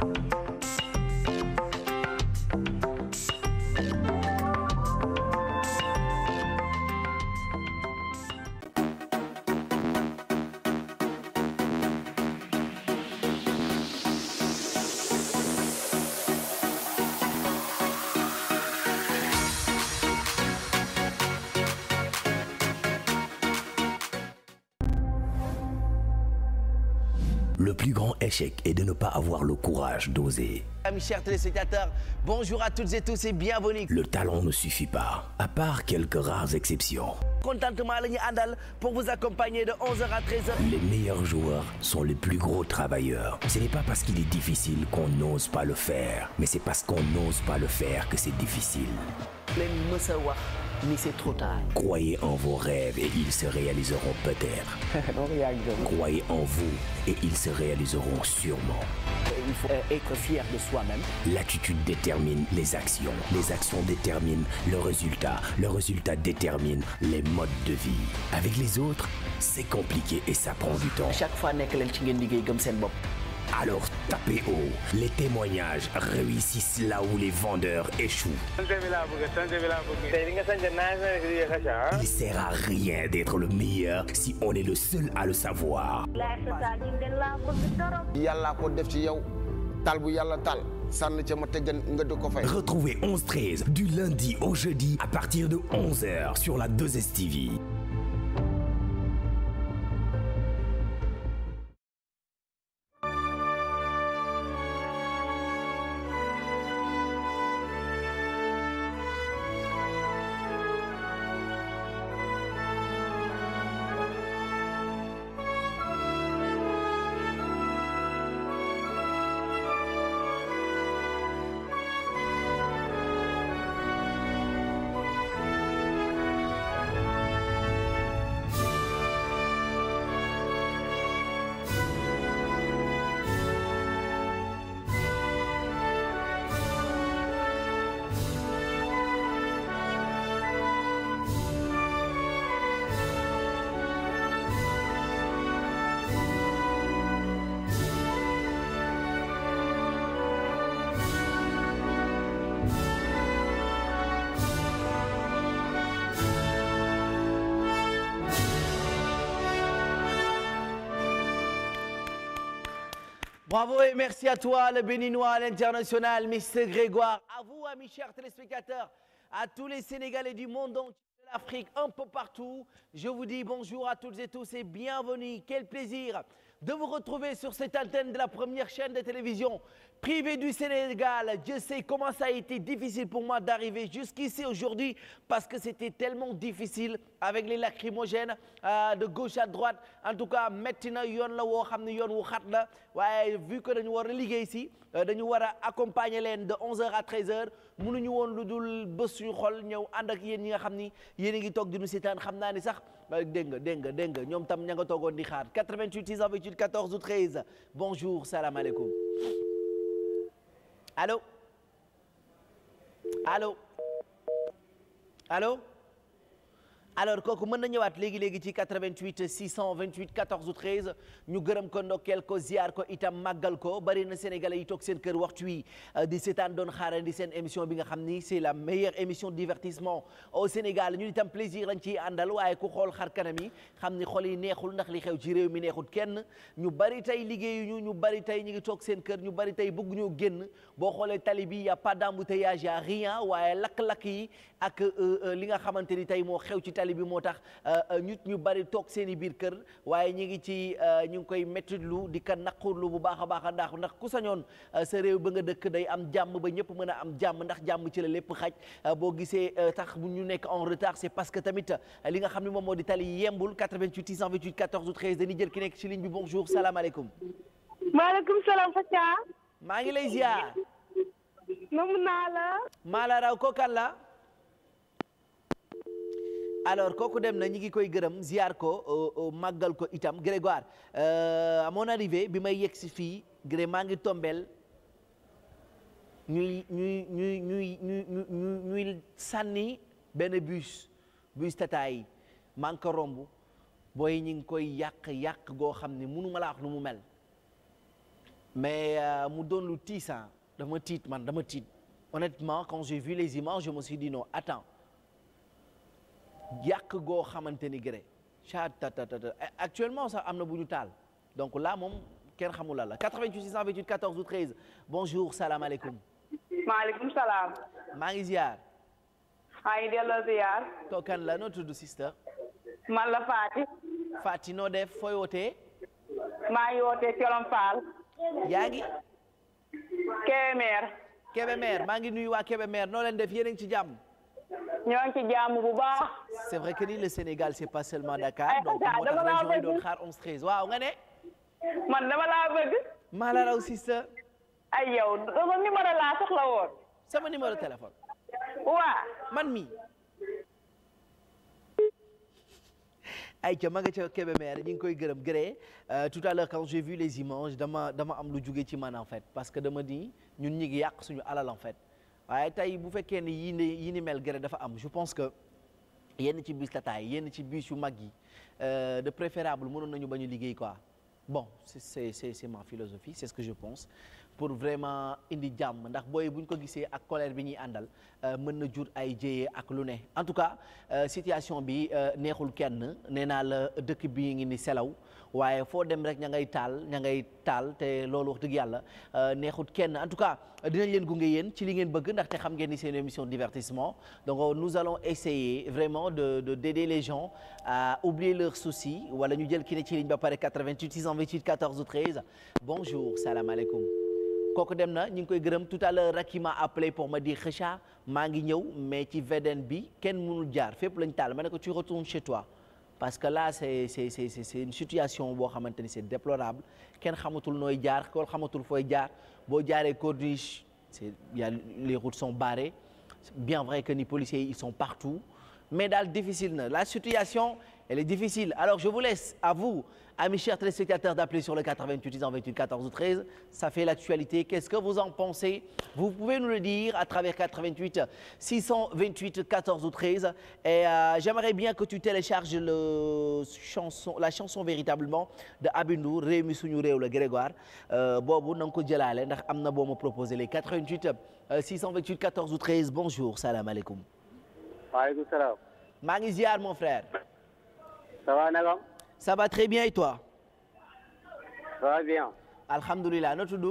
Thank you plus grand échec est de ne pas avoir le courage d'oser. Amis chers téléspectateurs, bonjour à toutes et tous et bienvenue. Le talent ne suffit pas, à part quelques rares exceptions. Contentement la ñu àndal pour vous accompagner de 11h à 13h. Les meilleurs joueurs sont les plus gros travailleurs. Ce n'est pas parce qu'il est difficile qu'on n'ose pas le faire, mais c'est parce qu'on n'ose pas le faire que c'est difficile. mais c'est trop tard. Croyez en vos rêves et ils se réaliseront peut-être. Croyez en vous et ils se réaliseront sûrement. Euh, de soi-même. L'attitude détermine les actions. Les actions déterminent le résultat. Le résultat détermine les modes de vie. Avec les autres, c'est compliqué et ça prend du temps. Chaque fois, Alors tapez haut. Les témoignages réussissent là où les vendeurs échouent. Il sert à rien d'être le meilleur si on est le seul à le savoir. yàlla def ci yow tal bu yàlla tal. sànn ca ma du lundi au jeudi à partir de 11 sur la 2STV. Bravo et merci à toi, le Béninois, l'international, Mr Grégoire. À vous, amis chers téléspectateurs, à tous les Sénégalais du monde entier, de l'Afrique, un peu partout, je vous dis bonjour à toutes et tous et bienvenue. Quel plaisir de vous retrouver sur cette antenne de la première chaîne de télévision Privé du Sénégal, je sais comment ça a été difficile pour moi d'arriver jusqu'ici aujourd'hui parce que c'était tellement difficile avec les lacrymogènes euh, de gauche à droite en tout cas métti na yoon la woo xam ne yoon wu xat la waaye vu que dañu war a liggéey si euh, dañu war a accompagner leen de 11h à 13h mënuñu woon lu dul bés suñu xol ñëw ànd ak yéen ñi nga xam ni yéen a ngi toog di nu seetaan xam naa ni sax euh, dégg nga dégg nga dégg ñoom tam ña nga toogoon di xaar 88 628 14 ou 13 bonjour salaamaaleykum. allo allo allo alors kooku mën na ñëwaat léegi léegi ci 88 628 14 ou 13 ñu gërëm ko ndokkeel ko ziar ko itam màggal ko bari na sénégalais yi toog seen kër waxtu wi euh, di seetaan doon xaarandi seen émission bi nga xam ni c'est la meilleure émission de divertissement au Sénégal ñu itam plaisir lañ ciy àndal waaye ku xool xar kanam yi xam ni xol yi neexul ndax li xew ci réew mi neexul kenn ñu bari tey liggéeyuñu ñu bari tey ñu ngi toog seen kër ñu bari tey bëgg ñu génn boo xoolee tali bi y a pas d'embouteillage y a lakk-lakk yi ak euh, euh, li nga xamante ni tey moo xew ci tali tali bi moo tax euh, euh, nit ñu bari toog seen i biir kër waaye ñu ngi ci euh, ñu ngi koy mettitlu di ka naqurlu bu baax a baax ndax ndax ku sañoon sa réew ba nga dëkk day am jàmm ba ñëpp mën a am jàmm ndax jàmm ci la lépp xaj boo gisee tax bu ñu nekk en retard c'est parce que tamit li nga xam ne moom moo di tali yembul 88 628 14 13 dañuy jël ki nekk ci ligne bi bonjour salaamaaleykum. maaleykum maa ngi lay ziar. na naa la. maa la raw kookan la. alors kooku dem na ñi ngi koy gërëm ziar ko euh, euh, màggal ko itam Grégoire euh, à mon arrivée bi may yegg si fii gré maa ngi tombeel ñuy ñuy ñuy ñuy ñuy ñuy sànni benn bus bus tata yi maa ngi ko romb booy ñi ngi koy yàq yàq goo xam ne mënu ma la wax nu mu mel mais mu doon lu tiisan dama tiit man dama tiit honnêtement quand j'ai vu les images je me suis dit non attends yàq goo xamante ni gré chat tatatata eh, actuellement sax am na bu ñu taal donc la moom kenn xamul la 88 628 14 ou 13 bonjour salaamaaleykum. maaleykum salaam. maa ngi ziar. maa ngi delloo ziar. kookan la noo tudd sister. man la Fati. Fati noo def fooy wootee. maa ngi wootee Colom Fall. yaa ngi. Kébémer. Kébémer maa ngi nuyu waa Kébémer noo leen def yéen ngi ci jàmm. ñoo ngi ci jàmm bu baax. c'est vrai que ni le Sénégal c'est pas seulement Dakar. donc moo tax région yi doon xaar waaw nga ne. man dama laa bëgg. maa la raw si sa. ay yow dama numéro laa soxla woon. sama numéro téléphone. waa man mi ay ca ma nga ca Kébémer ñu ngi koy gërëm gré euh, tout à l'heure quand j'ai vu les images dama dama am lu jóge ci man en fait parce que dama di ñun ñi ngi yàq suñu alal en fait. waaye tey bu fekkee ne yi ni yi ni mel gërë dafa am je pense que yenn ci bus tataay yenn ci bus yu mag yi euh, de préférable mënoon nañu ba ñu liggéey quoi bon c'est c'est c'est ma philosophie c'est ce que je pense pour vraiment indi jàmm ndax booy bu ñu ko gisee ak colère bi ñuy àndal euh, mën na jur ay jéyee ak lu ne en tout cas euh, situation bi neexul kenn nee naa la dëkk bi ngi ni selaw waaye foo dem rek ña ngay taal ña ngay taal te loolu wax dëgg yàlla euh, neexut kenn en tout cas leen gunge yéen ci li ngeen bëgg ndaxte xam ngeen ni seen une émission de divertissement donc euh, nous allons essayer vraiment de de d'aider les gens à oublier leurs soucis wala ñu jël ki ne ci ligne ba pare 88 628 14 ou 13 bonjour salaamaaleykum kooku dem na ñu ngi koy gërëm tout à l'heure Racky m'a appelé pour ma di Kheucha maa ngi ñëw mais ci VDN bi kenn mënul jaar fépp lañ taal ma ne ko tu retournes chez toi parce que là c'est une situation boo xamante ni c'est déplorable kenn xamatul nooy jaar ko xamatul fooy jaar boo jaaree corniche c'est y a les routes sont barrées bien vrai que ni policiers ils sont partout mais daal difficile na la situation elle est difficile. Alors le 88 10 28 14 ou 13. Ça fait l'actualité. Qu'est-ce que vous en pensez Vous pouvez nous le dire à travers 88 628 14 ou 13. Et euh, j'aimerais bien que tu télécharges le chanson, la chanson véritablement de Suñu Réew la Grégoire. Euh, boobu na nga ko jëlaale ndax am na boo ma proposé les 88 628 14 ou 13. maa ngi ziar Ça va, Nagam Ça va bien et toi Ça va bien. Alhamdulillah. Noo tudd?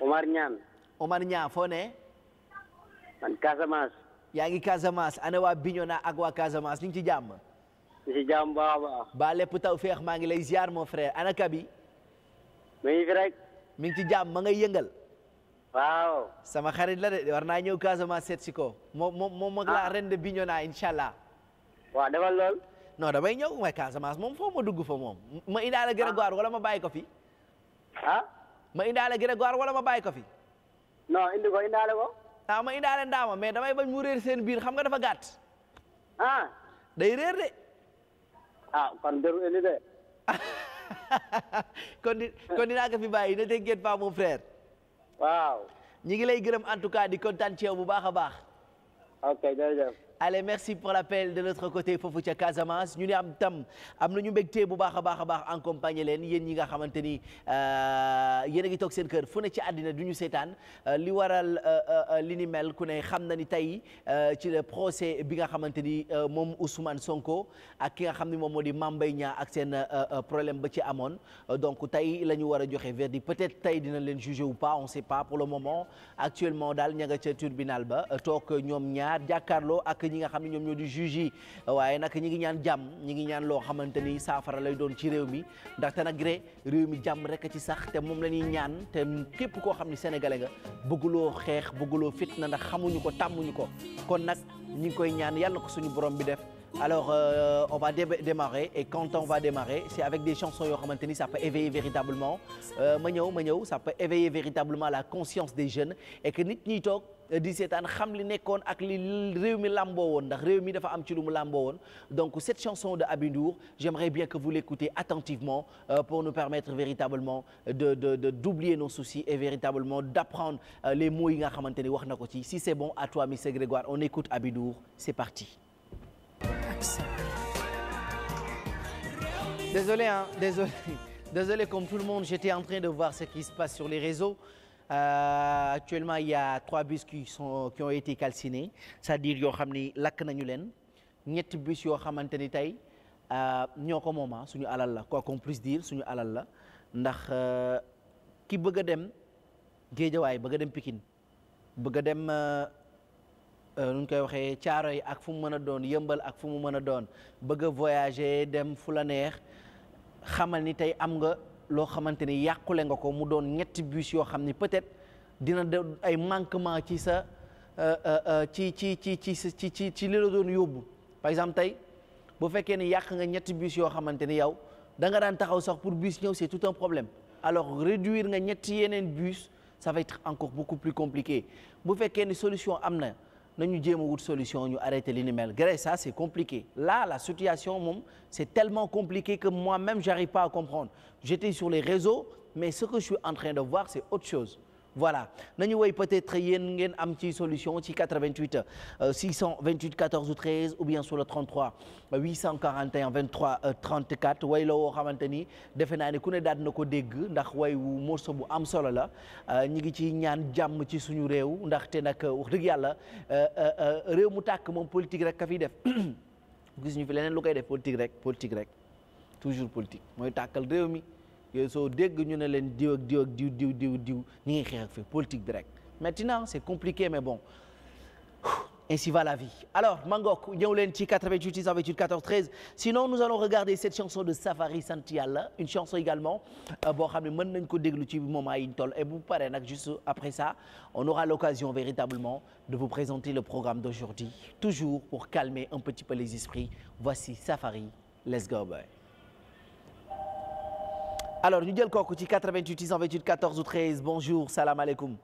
Omar Niang. Omar Niang foo man Casamance. yaa ngi Casamance ana waa Bignona ak waa Casamance ñu ngi ci jàmm. ñu ci jàmm baax taw feex maa ngi lay ziar mon frère ana Kabi. mi ngi fi rek. ci jàmm ma ngay yëngal. waaw. sama xarit la de war naa ñëw Casamance seet si ko moom moom moom mag laa ah. ren de Bignona incha allah. lool. non damay ñëw waaye Casamance moom foofu ma dugg fa moom ma indaale Grégoire wala ma bàyyi ko fi. ah. ma indaale Grégoire wala ma bàyyi ko fi. non indi ko indaale ko. ah ma indaale ndaama mais damay bañ mu réer seen biir xam nga dafa gàtt. ah. day réer de. ah kon dëru indi de. kon di kon dinaa ko fi bàyyi ne te mon frère. waaw. ñi ngi lay gërëm en tout cas di kontaan ci bu baax a baax. allez merci pour l'appel de l'autre côté foofu ca Casamance ñu ne am tam am nañu mbégte bu baax a baax a baax leen yen ñi nga xamante ni euh, yéen a ngi toog seen kër fu ne ci addina du ñu seetaan euh, li waral euh, li ni mel ku ne xam na ni tey ci le procès bi nga xamante ni moom Ousmane Sonko ak ki nga xam ni moom moo di Mame Mbaye ak seen problème ba ci amoon donc tey la ñu war a joxe verdict peut-être tey dinañ leen juger wu pas on sait pas pour le moment actuellement daal ña nga ca ba toog ñi nga xam ne ñoom ñoo di juge waaye nag ñi ngi ñaan jàmm ñi ngi ñaan loo xamante ni saafara lay doon ci réew mi ndaxte nag re réew mi jàmm rek ci sax te moom la ñuy ñaan te képp koo xam ne sénégalais nga bëgguloo xeex bëgguloo na ndax xamuñu ko tàmmuñu ko kon nag ñi ngi koy ñaan yàlla na ko suñu borom bi def alors euh, on va dé démarrer et quand va démarrer c'est avec des chansons yoo xamante ni ça peut éveiller véritablement euh, ma ñëw ma ñëw ça peut éveiller véritablement la conscience des jeunes et nit ñi toog di seetaan xam li nekkoon ak li réew mi làmboo woon ndax réew mi dafa am ci lu mu làmboo woon donc cette chanson de Aby Ndour j'aimerais bien que vous l'écoutez attentivement euh, pour nous permettre véritablement de de de d'oublier nos soucis et véritablement d'apprendre euh, les mots yi nga xamante ni wax na ko ci si c'est bon à toi Mister Grégoire on écoute Aby Ndour c'est parti. désolé hein désolé désolé comme tout le monde j'étais en train de voir ce qui se passe sur les réseaux. Euh, actuellement il y a trois bus qui sont qui ont été calcinés cest yoo xam ni lakk nañu leen ñetti bus yoo xamante ni tey euh, ñoo ko mooma suñu alal la ko qu'on puisse dire suñu alal la ndax euh, ki bëgg dem Géejawaay bëgg a dem Pikine bëgg dem euh, nu ñu koy waxee caaro yi ak fu mu mën a doon yëmbal ak fu mu mën a doon bëgg a voyager dem fu la neex xamal ni tey am nga. loo xamante ni yàqule nga ko mu doon ñetti bus yoo xam ni peut-être dina de ay manquement ci sa euh, euh, euh, ci ci ci ci ci ci ci li la doon yóbbu par exemple tey bu fekkee ni yàq nga ñetti bus yoo xamante ni yow da nga daan taxaw sax pour bus ñëw c'est tout un problème alors réduire nga ñetti yeneen bus sa va être encore beaucoup plus compliqué bu fekkee ni solution am na nañu jéem a wut solution ñu arrêté li ni mel gré ça c'est compliqué là la situation moom c'est tellement compliqué que moi-même j'arrive pas à comprendre j'étais sur les réseaux mais ce que je suis en train de voir c'est autre chose voilà nañu woy peut-être yéen ngeen am ci solution ci 88 628 14 ou 13 ou bien sur le 33 841 23 34 way la woo xamante ni defe naa ne ku ne daal ko dégg ndax way wu morceau bu am solo la euh, ñi ngi ci ñaan jàmm ci suñu réew ndaxte nag euh, wax dëgg yàlla euh, réew mu tàkk moom politique rek ka fiy def gis ñu fi leneen lu koy def politique rek politique rek toujours politique mooy tàkkal réew mi yooyu soo dégg ñu ne leen diw ak diw diw diw diw diw xeex fi politique bi rek maintenant c'est compliqué mais bon ainsi va la vie alors leen ci 88 628 14 13 sinon nous allons sant yàlla une chanson euh, xam ne mën nañ ko déglu ci moment yi ñu toll et bu paree nag juste après ça on aura l'occasion véritablement de vous présenter le programme d'aujourd'hui toujours pour calmer un petit peu les esprits alors ñu jël kooku ci 88 628 14 ou bonjour salaamaaleykum.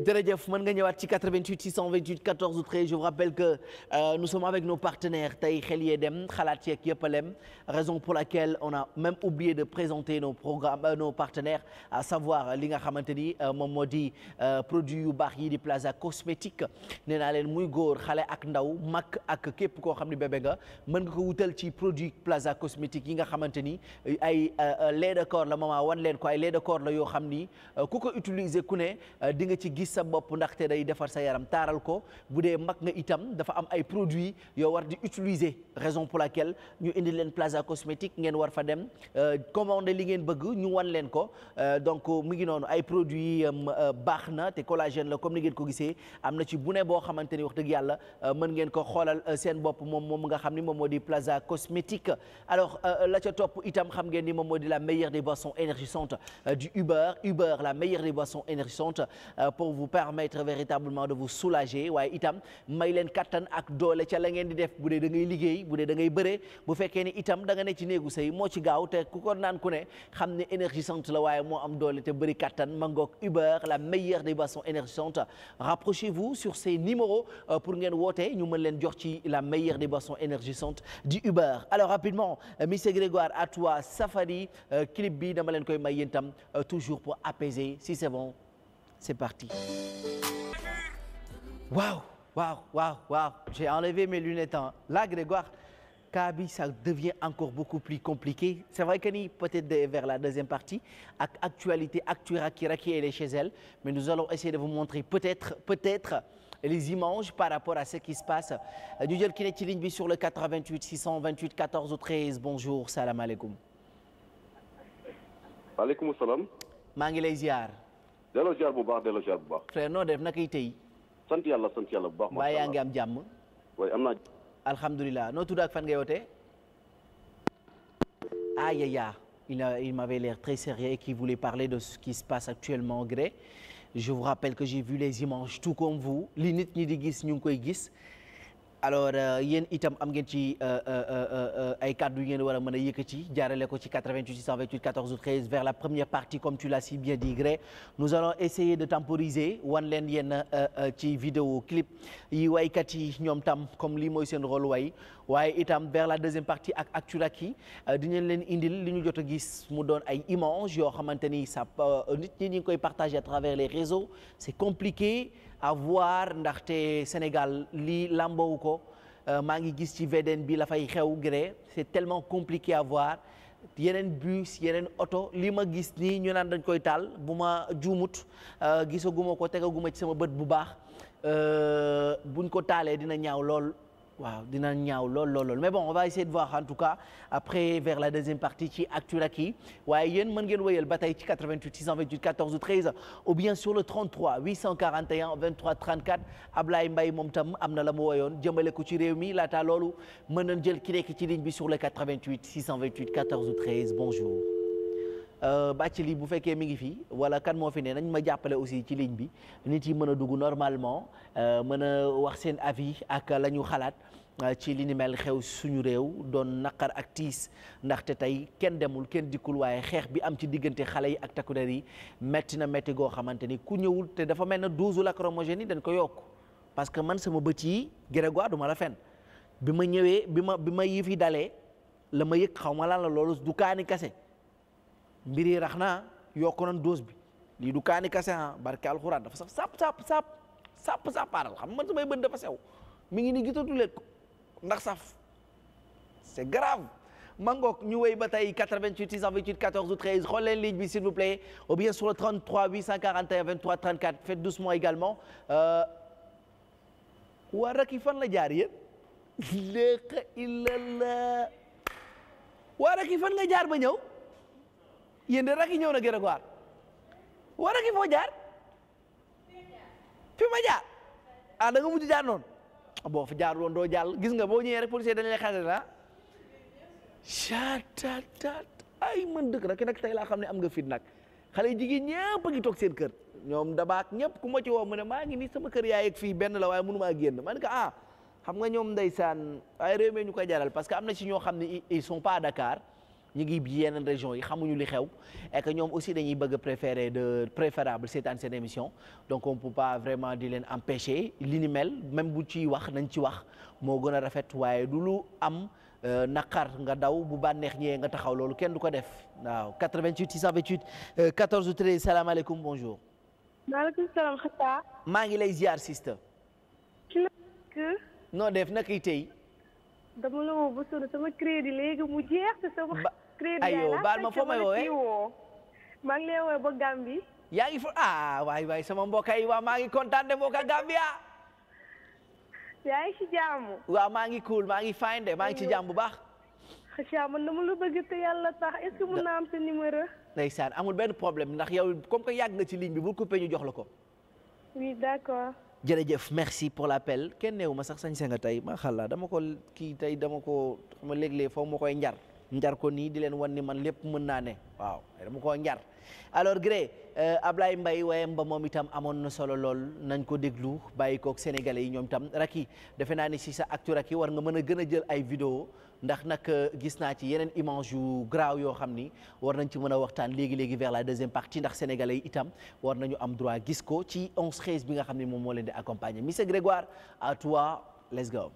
jërëjëf mën nga ñëwaat ci 88 628 14 ou 13 je vous rappelle que euh, nous sommes avec nos partenaires tey xel yee dem xalaat yeeg yëpp alem raison pour laquelle on a même oublié de présenter nos programmes euh, no partenaire partenaires savoir euh, li nga xamante ni euh, moom moo di produit yu baax yi di Plaza Cosmétique nee naa leen muy góor xale ak ndaw mag ak képp koo xam ne bébé nga mën nga ko wutal ci produit Plaza Cosmétique yi nga xamante ni ay lait de corps la maman wan leen ko ay lait de corps la yoo xam ni ku ko utiliser ku ne di nga ci gis. gis sa bopp ndaxte day defar sa yaram taaral ko bu dee mag nga itam dafa am ay produit yow war di utiliser raison pour laquelle ñu indi leen plaza cosmétique ngeen war fa dem euh, commander li ngeen bëgg ñu wan leen ko euh, donc mu ngi noonu ay produits euh, baax na te collagène la comme ni ngeen ko gisee am na ci bu ne boo xamante ni wax dëgg yàlla mën ngeen ko xoolal seen bopp moom moom nga xam ni moom moo di plaza cosmétique alors la ca topp itam xam ngeen ni moom moo di la meilleure des boissons énergisantes du Uber Uber la meilleure des boissons énergisantes pour vous permettre véritablement de vous soulager waaye itam may leen kattan ak doole ca la ngeen di def bu dee da ngay liggéey bu dee dangay bëre bu fekkee ni itam danga nga ne ci néegu sëy moo ci gaaw te ku ko naan ku ne xam ne énergisante la waaye moo am doole te bëri kattan mangoog Uber la meilleure des boissons énergisantes rapprochez-vous sur ces numéros euh, pour ngeen woote ñu mën leen jox ci la meilleure des boissons énergisantes du Uber alors rapidement euh, monsieur Grégoire à toi Safari euh, clip bi dama leen koy may yéen tam toujours pour apaiser si c'est parti. Waouh, waouh, waouh, waouh. J'ai enlevé mes lunettes. Hein. Là, Grégoire, cas bi ça encore beaucoup plus compliqué. C'est vrai que ni peut-être vers la deuxième partie ak actualité Actu Racky Racky elle est chez elle, mais nous allons peut-être peut-être rapport à ce qui se Ñu jël ki ne ci ligne bi sur le 88 628 14 ou 13. Bonjour, salaamaaleykum. Waaleykum salaam. Maa ngi lay ziar. delloo ziar bu frère noo def nakay tey. sant yàlla sant yàlla bu baax. ngi am jàmm. waaye am naa. alhamdulilah fan nga yootee. ah yaya il a il m'avait l'air très sérieux et qui voulait parler de ce qui se passe actuellement Grès je vous rappelle que j'ai vu les images tout comme vous li nit ñi di gis ñu ngi koy gis. alors euh, yéen itam am ngeen ci euh, euh, ay kàddu yu ngeen war a mën a yëkkati jaarale ko ci 88 628 14 13 vers la première partie comme tu l'as si bien dit Gré nous allons essayer de temporiser wan leen yéen ci vidéo clip yi waykat yi ñoom tam comme lii mooy seen rôle way waaye itam vers la deuxième partie ak di dinañ leen indil li ñu jot a gis mu doon ay images yoo xamante ni ça nit ñi ñi ngi koy partager à travers les réseaux c'est compliqué. à voir ndaxte Sénégal lii làmbawu ko euh, maa ngi gis ci VDN bi la fay xew gré c'est tellement compliqué à yeneen bus yeneen oto lii ma gis nii ñu naan dañ koy taal bu ma juumut euh, gisaguma ko tegaguma ci sama bët bu baax euh, buñ ko taalee dina ñaaw lool waaw dina ñaaw lool lool lool mais bon on va essayer de voir en tout cas après vers la deuxième partie ci actu la waaye yéen mën ngeen wéyal ba tey ci 88 628 14 ou 13 ou bien sur le 33 841 23 34 Ablaye Mbaye moom tam am na la mu woyoon jëmale ko ci réew mi laata loolu mën nañ jël ki nekk ci ligne bi sur le 88 628 14 ou 13 bonjour. Euh, lii bu fekkee mi ngi fii wala kan moo fi ne nañ ma jàppale aussi ci ligne bi nit yi mën a dugg normalement euh, mën a wax seen avis ak la xalaat euh, ci li ni mel xew suñu réew doon naqar ak tiis ndaxte tey kenn demul kenn dikkul waaye xeex bi am ci diggante xale yi ak takku yi metti na metti goo xamante ni ku ñëwul te dafa mel ne douze lacrymogènes yi dañ ko yokk parce que man sama bët yi Grégoire du ma la fen bi ma ñëwee bi ma bi ma yëf yi dalee la ma yëg xaw ma lan loolu du kaani kase mbir yi rax naa yokku nañ dose bi lii du kaani kase ah barke alxuraan dafa saf sap sap sap sap sapaaral xam man samay bët dafa sew mi ngi ni gisatu leen ko ndax saf c'est grave mangook ñu wéy ba tey 88 628 14 ou 13 xool leen ligne bi s'il vous plaît ou bien sur le 33 841 23 34 faites doucement également euh, waa rak fan la jaar yéen léeqa ilalla waa fan la jaar ba yéen de rakk yi ñëw na gën a gaar jaar fi ma jaar ah da nga mujj jaar noonu ah, boo fa jaar woon doo jàll gis nga boo ñëwee rek policier dañ lay xasee la catatat ay man dëkk rek nag tey laa xam ne am nga fit nag xale jigéen ñëpp a ngi kër ñoom dabaak ñëpp ku ma ci woo mu ne maa ngi nii sama kër yaay ak fii benn la waaye mënu maa génn ma ne ko ah xam nga ñoom ndeysaan ay réew mi ñu ko jaral parce que am na ci ñoo xam ne ils sont pas à Dakar ñu ngi yeneen région yi xamuñu li xew et que ñoom aussi dañuy bëgg préféré de préférable seetaan seen émission donc on peut pas vraiment di leen empêcher li ni mel même bu ciy wax nañ ci wax moo gën a rafet waaye du lu am euh, naqar nga daw bu bànneex ñëwee nga taxaw loolu kenn du ko def waaw 88 628 14 13 salaamaaleykum bonjour. maaleykum salaam. maa ngi lay ziar sista. ki def nag kay tey. dama la woo ba sonn sama crédit léegi mu jeex te sama. crédit ay yow baal ma foo may woo maa ngi lay woowee ba Gambie. yaa ngi fa ah waay waay sama mbokk yi waa maa ngi kontaan de mbokk Gambia. yaa ngi ci jàmm. waaw maa ngi cool maa ngi fine de maa ngi ci jàmm bu baax. xacha man dama la bëgg te yàlla tax est-ce que mën naa am sa numéro. ndeysaan amul benn problème ndax yow comme que yàgg nga ci ligne bi bu coupé ñu jox la ko. jërëjëf merci pour la pel kenn néew ma sax sañ-sañ nga tey maa xalla dama ko kii tey dama ko ma léeg-léeg foog ma koy njar njar ko nii di leen wan ni man lépp mën naa ne waaw dama koo njar alors gré euh, Ablaye Mbaye wayam ba moom itam amoon na solo lool nañ ko déglu bàyyi kook sénégale yi ñoom itam raki defe naa ni si sa actu raki war nga mën a gën a jël ay vidéo ndax nag euh, gis naa ci yeneen image yu graaw yoo xam ni war nañ ci mën a waxtaan léegi léegi vers la deuxième partie ndax sénégalais yi itam war nañu am droit gis ko ci 11 13 bi nga xam ne moom moo leen di accompagner monsieur Grégoire à toi let's go.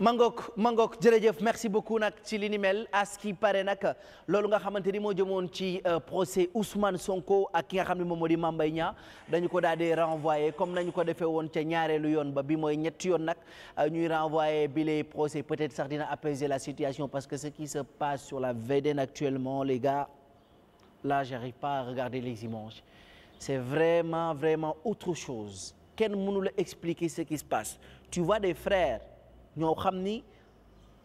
mangook mangook jërëjëf merci beaucoup nag ci li ni mel aski pare nag loolu nga xamante ni moo jëmoon ci euh, procès Ousmane Sonko ak ki nga xam ne moom moo di Mame Mbaye Niang dañu ko daal di renvoyé comme nañu ko defee woon ca ñaareelu yoon ba bi mooy ñetti yoon nag euh, ñuy renvoyé bi les procès peut-être sax dina apaiser la situation parce que ce qui se passe sur la VDN actuellement les gars là j'arrive pas à regarder les images c'est vraiment vraiment autre chose kenn mënu la expliquer se passe tu vois des ñoo xam ni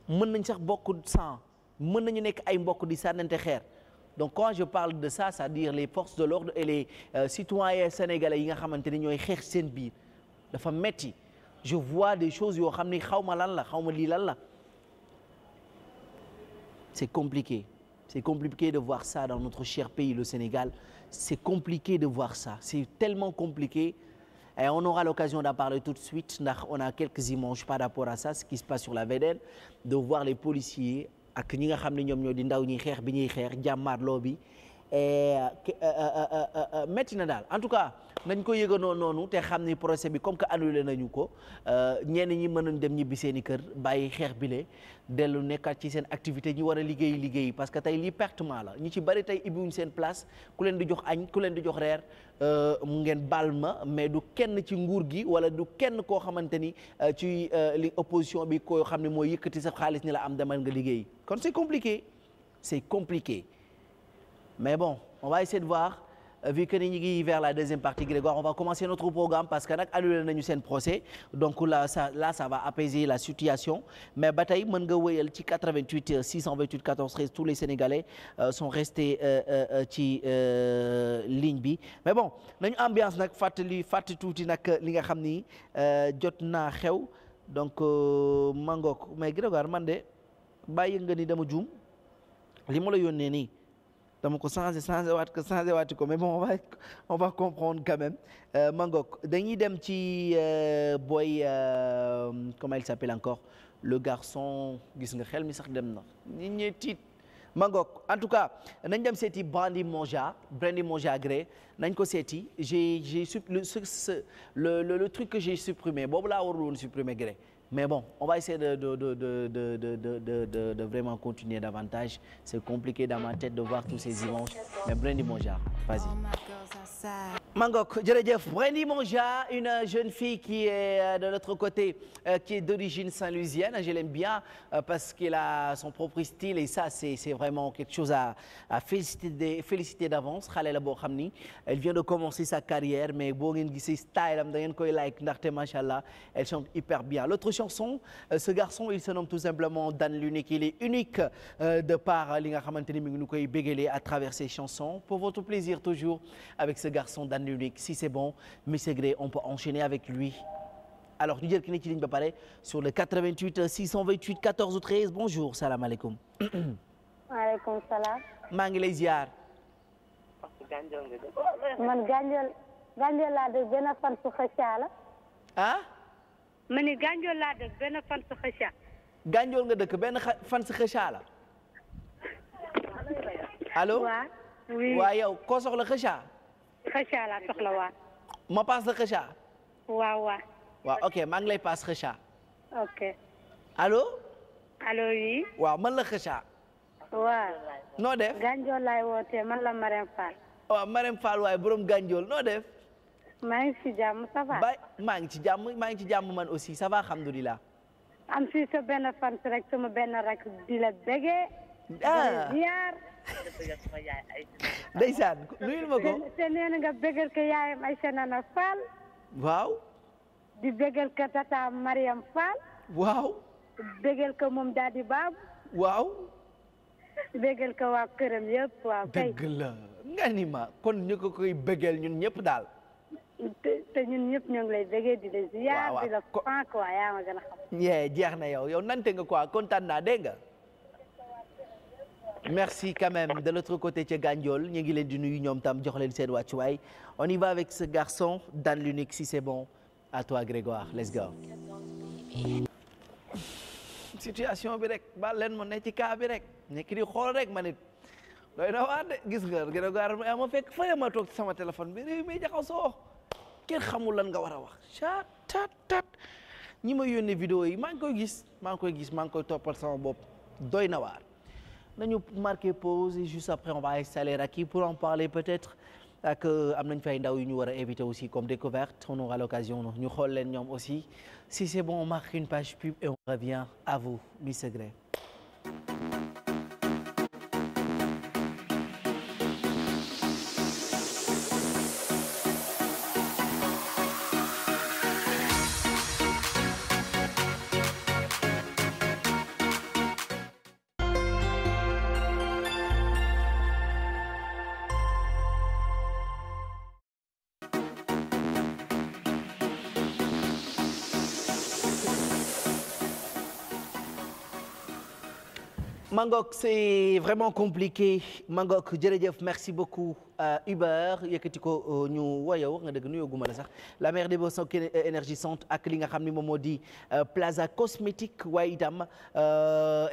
mën nañ sax bokkut sang mën nañu nekk ay mbokk di sànnante xeer donc quand je parle de ça cest dire les forces de l'ordre et les euh, citoyens sénégalais yi nga xamante ni ñooy xeex seen biir dafa metti je vois des choses yoo xam ni xaw ma lan la xaw ma lii lan la c'est compliqué c'est compliqué de voir ça dans notre cher pays le Sénégal c'est compliqué de voir ça c'est tellement compliqué Et on aura l'occasion d'en parler tout de suite ndax on a quelques images par rapport à ça ce qui se passe sur la VDN de voir les policiers ak ñi nga xam ne ñoom ñoo di ndaw ñi xeex bi ñuy xeex jàmmaarloo bi metti na daal en tout cas nañ ko yëgandoo noonu te xam ni procès bi comme que annulé nañu ko ñenn ñi mën nañ dem ñibbi seen i kër bàyyi xeex bi bile dellu nekkaat ci seen activité ñi war a liggéey liggéey parce que tey lii pertement la ñu ci bari tey ibbiwuñ seen place ku leen di jox añ ku leen di jox reer mu ngeen baal ma mais du kenn ci nguur gi wala du kenn koo xamante ni ci li opposition bi koo xam ne mooy yëkkati sa xaalis ni la am demal nga liggéey kon c'est compliqué c'est mais bon on va essayer de voir euh, vu que ni ñu ngi vers la deuxième partie Grégoire on va commencer notre programme parce que nag annulé nañu seen procès donc là ça là ça va apaiser la situation mais ba tey mën nga wéyal ci 88 628 14 13 tous les Sénégalais euh, sont restés euh, ci ligne bi mais bon nañu ambiance nag fàttali fàttali tuuti nag li nga xam ni jot naa xew donc mangook mais Grégoire man de bàyyi nga ni dama juum li ma la yónnee nii. dama ko changé changé waat ko changé wati ko mais bon on va on va comprendre quand même euh, Mangok dañuy dem ci euh, boy euh, comment il s'appelle encore le garçon gis nga xel mi sax dem na nit ñi tiit Mangok en tout cas nañ dem seeti Brandy Monja Brandy Monja gré nañ ko seeti j'ai j'ai le le le truc que j'ai supprimé boobu laa warul woon supprimer gré mais bon on va essayer de de de de de de de de vraiment continuer davantage c'est compliqué dans ma tête de voir tous ces images mais Brandy Mondial vas-y oh Mangok jërëjëf Brandy Manja une jeune fille qui est euh, de l'autre côté euh, qui est d'origine saint-louisienne je l'aime bien euh, parce qu'elle a son propre style et ça c'est c'est vraiment quelque chose à à féliciter féliciter d'avance xale la boo xam ni elle vient de commencer sa carrière mais boo ngeen gisee style am da ngeen koy like ndaxte macha allah elle chante hyper bien l'autre chanson ce garçon il se nomme tout simplement Dan l'unique il est unique de par li nga xamante ni mi ngi nu koy bégalee à travers ses chansons pour votre plaisir toujours unique si c'est bon Mister Gré on peut enchaîner avec lui alors ñu jël ki ne ci ligne ba pare sur le 88 628 14 ou 13 bonjour salaamaaleykum. maaleykum salaam. maa ngi lay ziar. man Gandiol Gandiol laa dëkk benn fan la. ah. nga dëkk benn fan su xëcca laa la wa ma paas la xëcca. waaw waaw. waaw ok lay paas xëcca. ok. allo. allo oui. waaw man la xëcca. waaw. noo def. Ganjool laay wootee man la Marème Fall. waaw Marème Fall waaye borom Ganjool noo def. maa ngi ci jàmm ça va. ba maa ngi ci jàmm maa ngi ci jàmm man aussi ça alhamdulilah. am si sa benn fan rek sama benn rak di la bégee. ah ziar. ndeysaan nuyul ma ko. te nee na nga bégal ko yaayam Aïcha Nana Fall. waaw. di bégal ko tata Mariam Fall. waaw. bégal ko moom daal baabu. waaw. bégal ko waa këram yëpp waaw kay. dëgg la nga ni ma kon ñu ko koy bégal ñun ñëpp daal. te ñun ñëpp ñoo ngi lay bégee di la ziar. waaw waaw di la fan quoi yaa ma gën a xam. jeex na yow yow nante nga quoi kontaan naa dégg nga. merci quand même de l'autre côté ca Gandiol ñu ngi leen di nuyu ñoom tam jox leen seen waay on y va avec ce garçon Dan Lunique si c'est bon à toi Grégoire let's go. situation bi rek ba leen ma ne ci cas bi rek nekk di xool rek ma nit doy na waar de gis nga Grégoire ma fekk fa ma toog sama téléphone bi réew mi jaxasoo kenn xamul lan nga war a wax chat tat tat ñi ma yónnee vidéo yi maa ngi koy gis maa ngi koy gis maa ngi koy toppal sama bopp doy na waar nañu marqué pause et juste après on va installer Racky pour en parler peut-être ak ah, am nañ fay ndaw yu ñu war a éviter aussi comme découverte on aura l'occasion ñu xool leen ñoom aussi si c'est bon on marque une page pub et on revient à vous Miss Gré Mangok c'est vraiment compliqué Mangok jërëjëf merci beaucoup Hubert euh, yëkkati ko euh, ñu woyow wax nga dëgg nuyoo guma la sax la mère des boissons euh, énergisantes ak li nga xam ni moom moo di Plaza Cosmétique waaye itam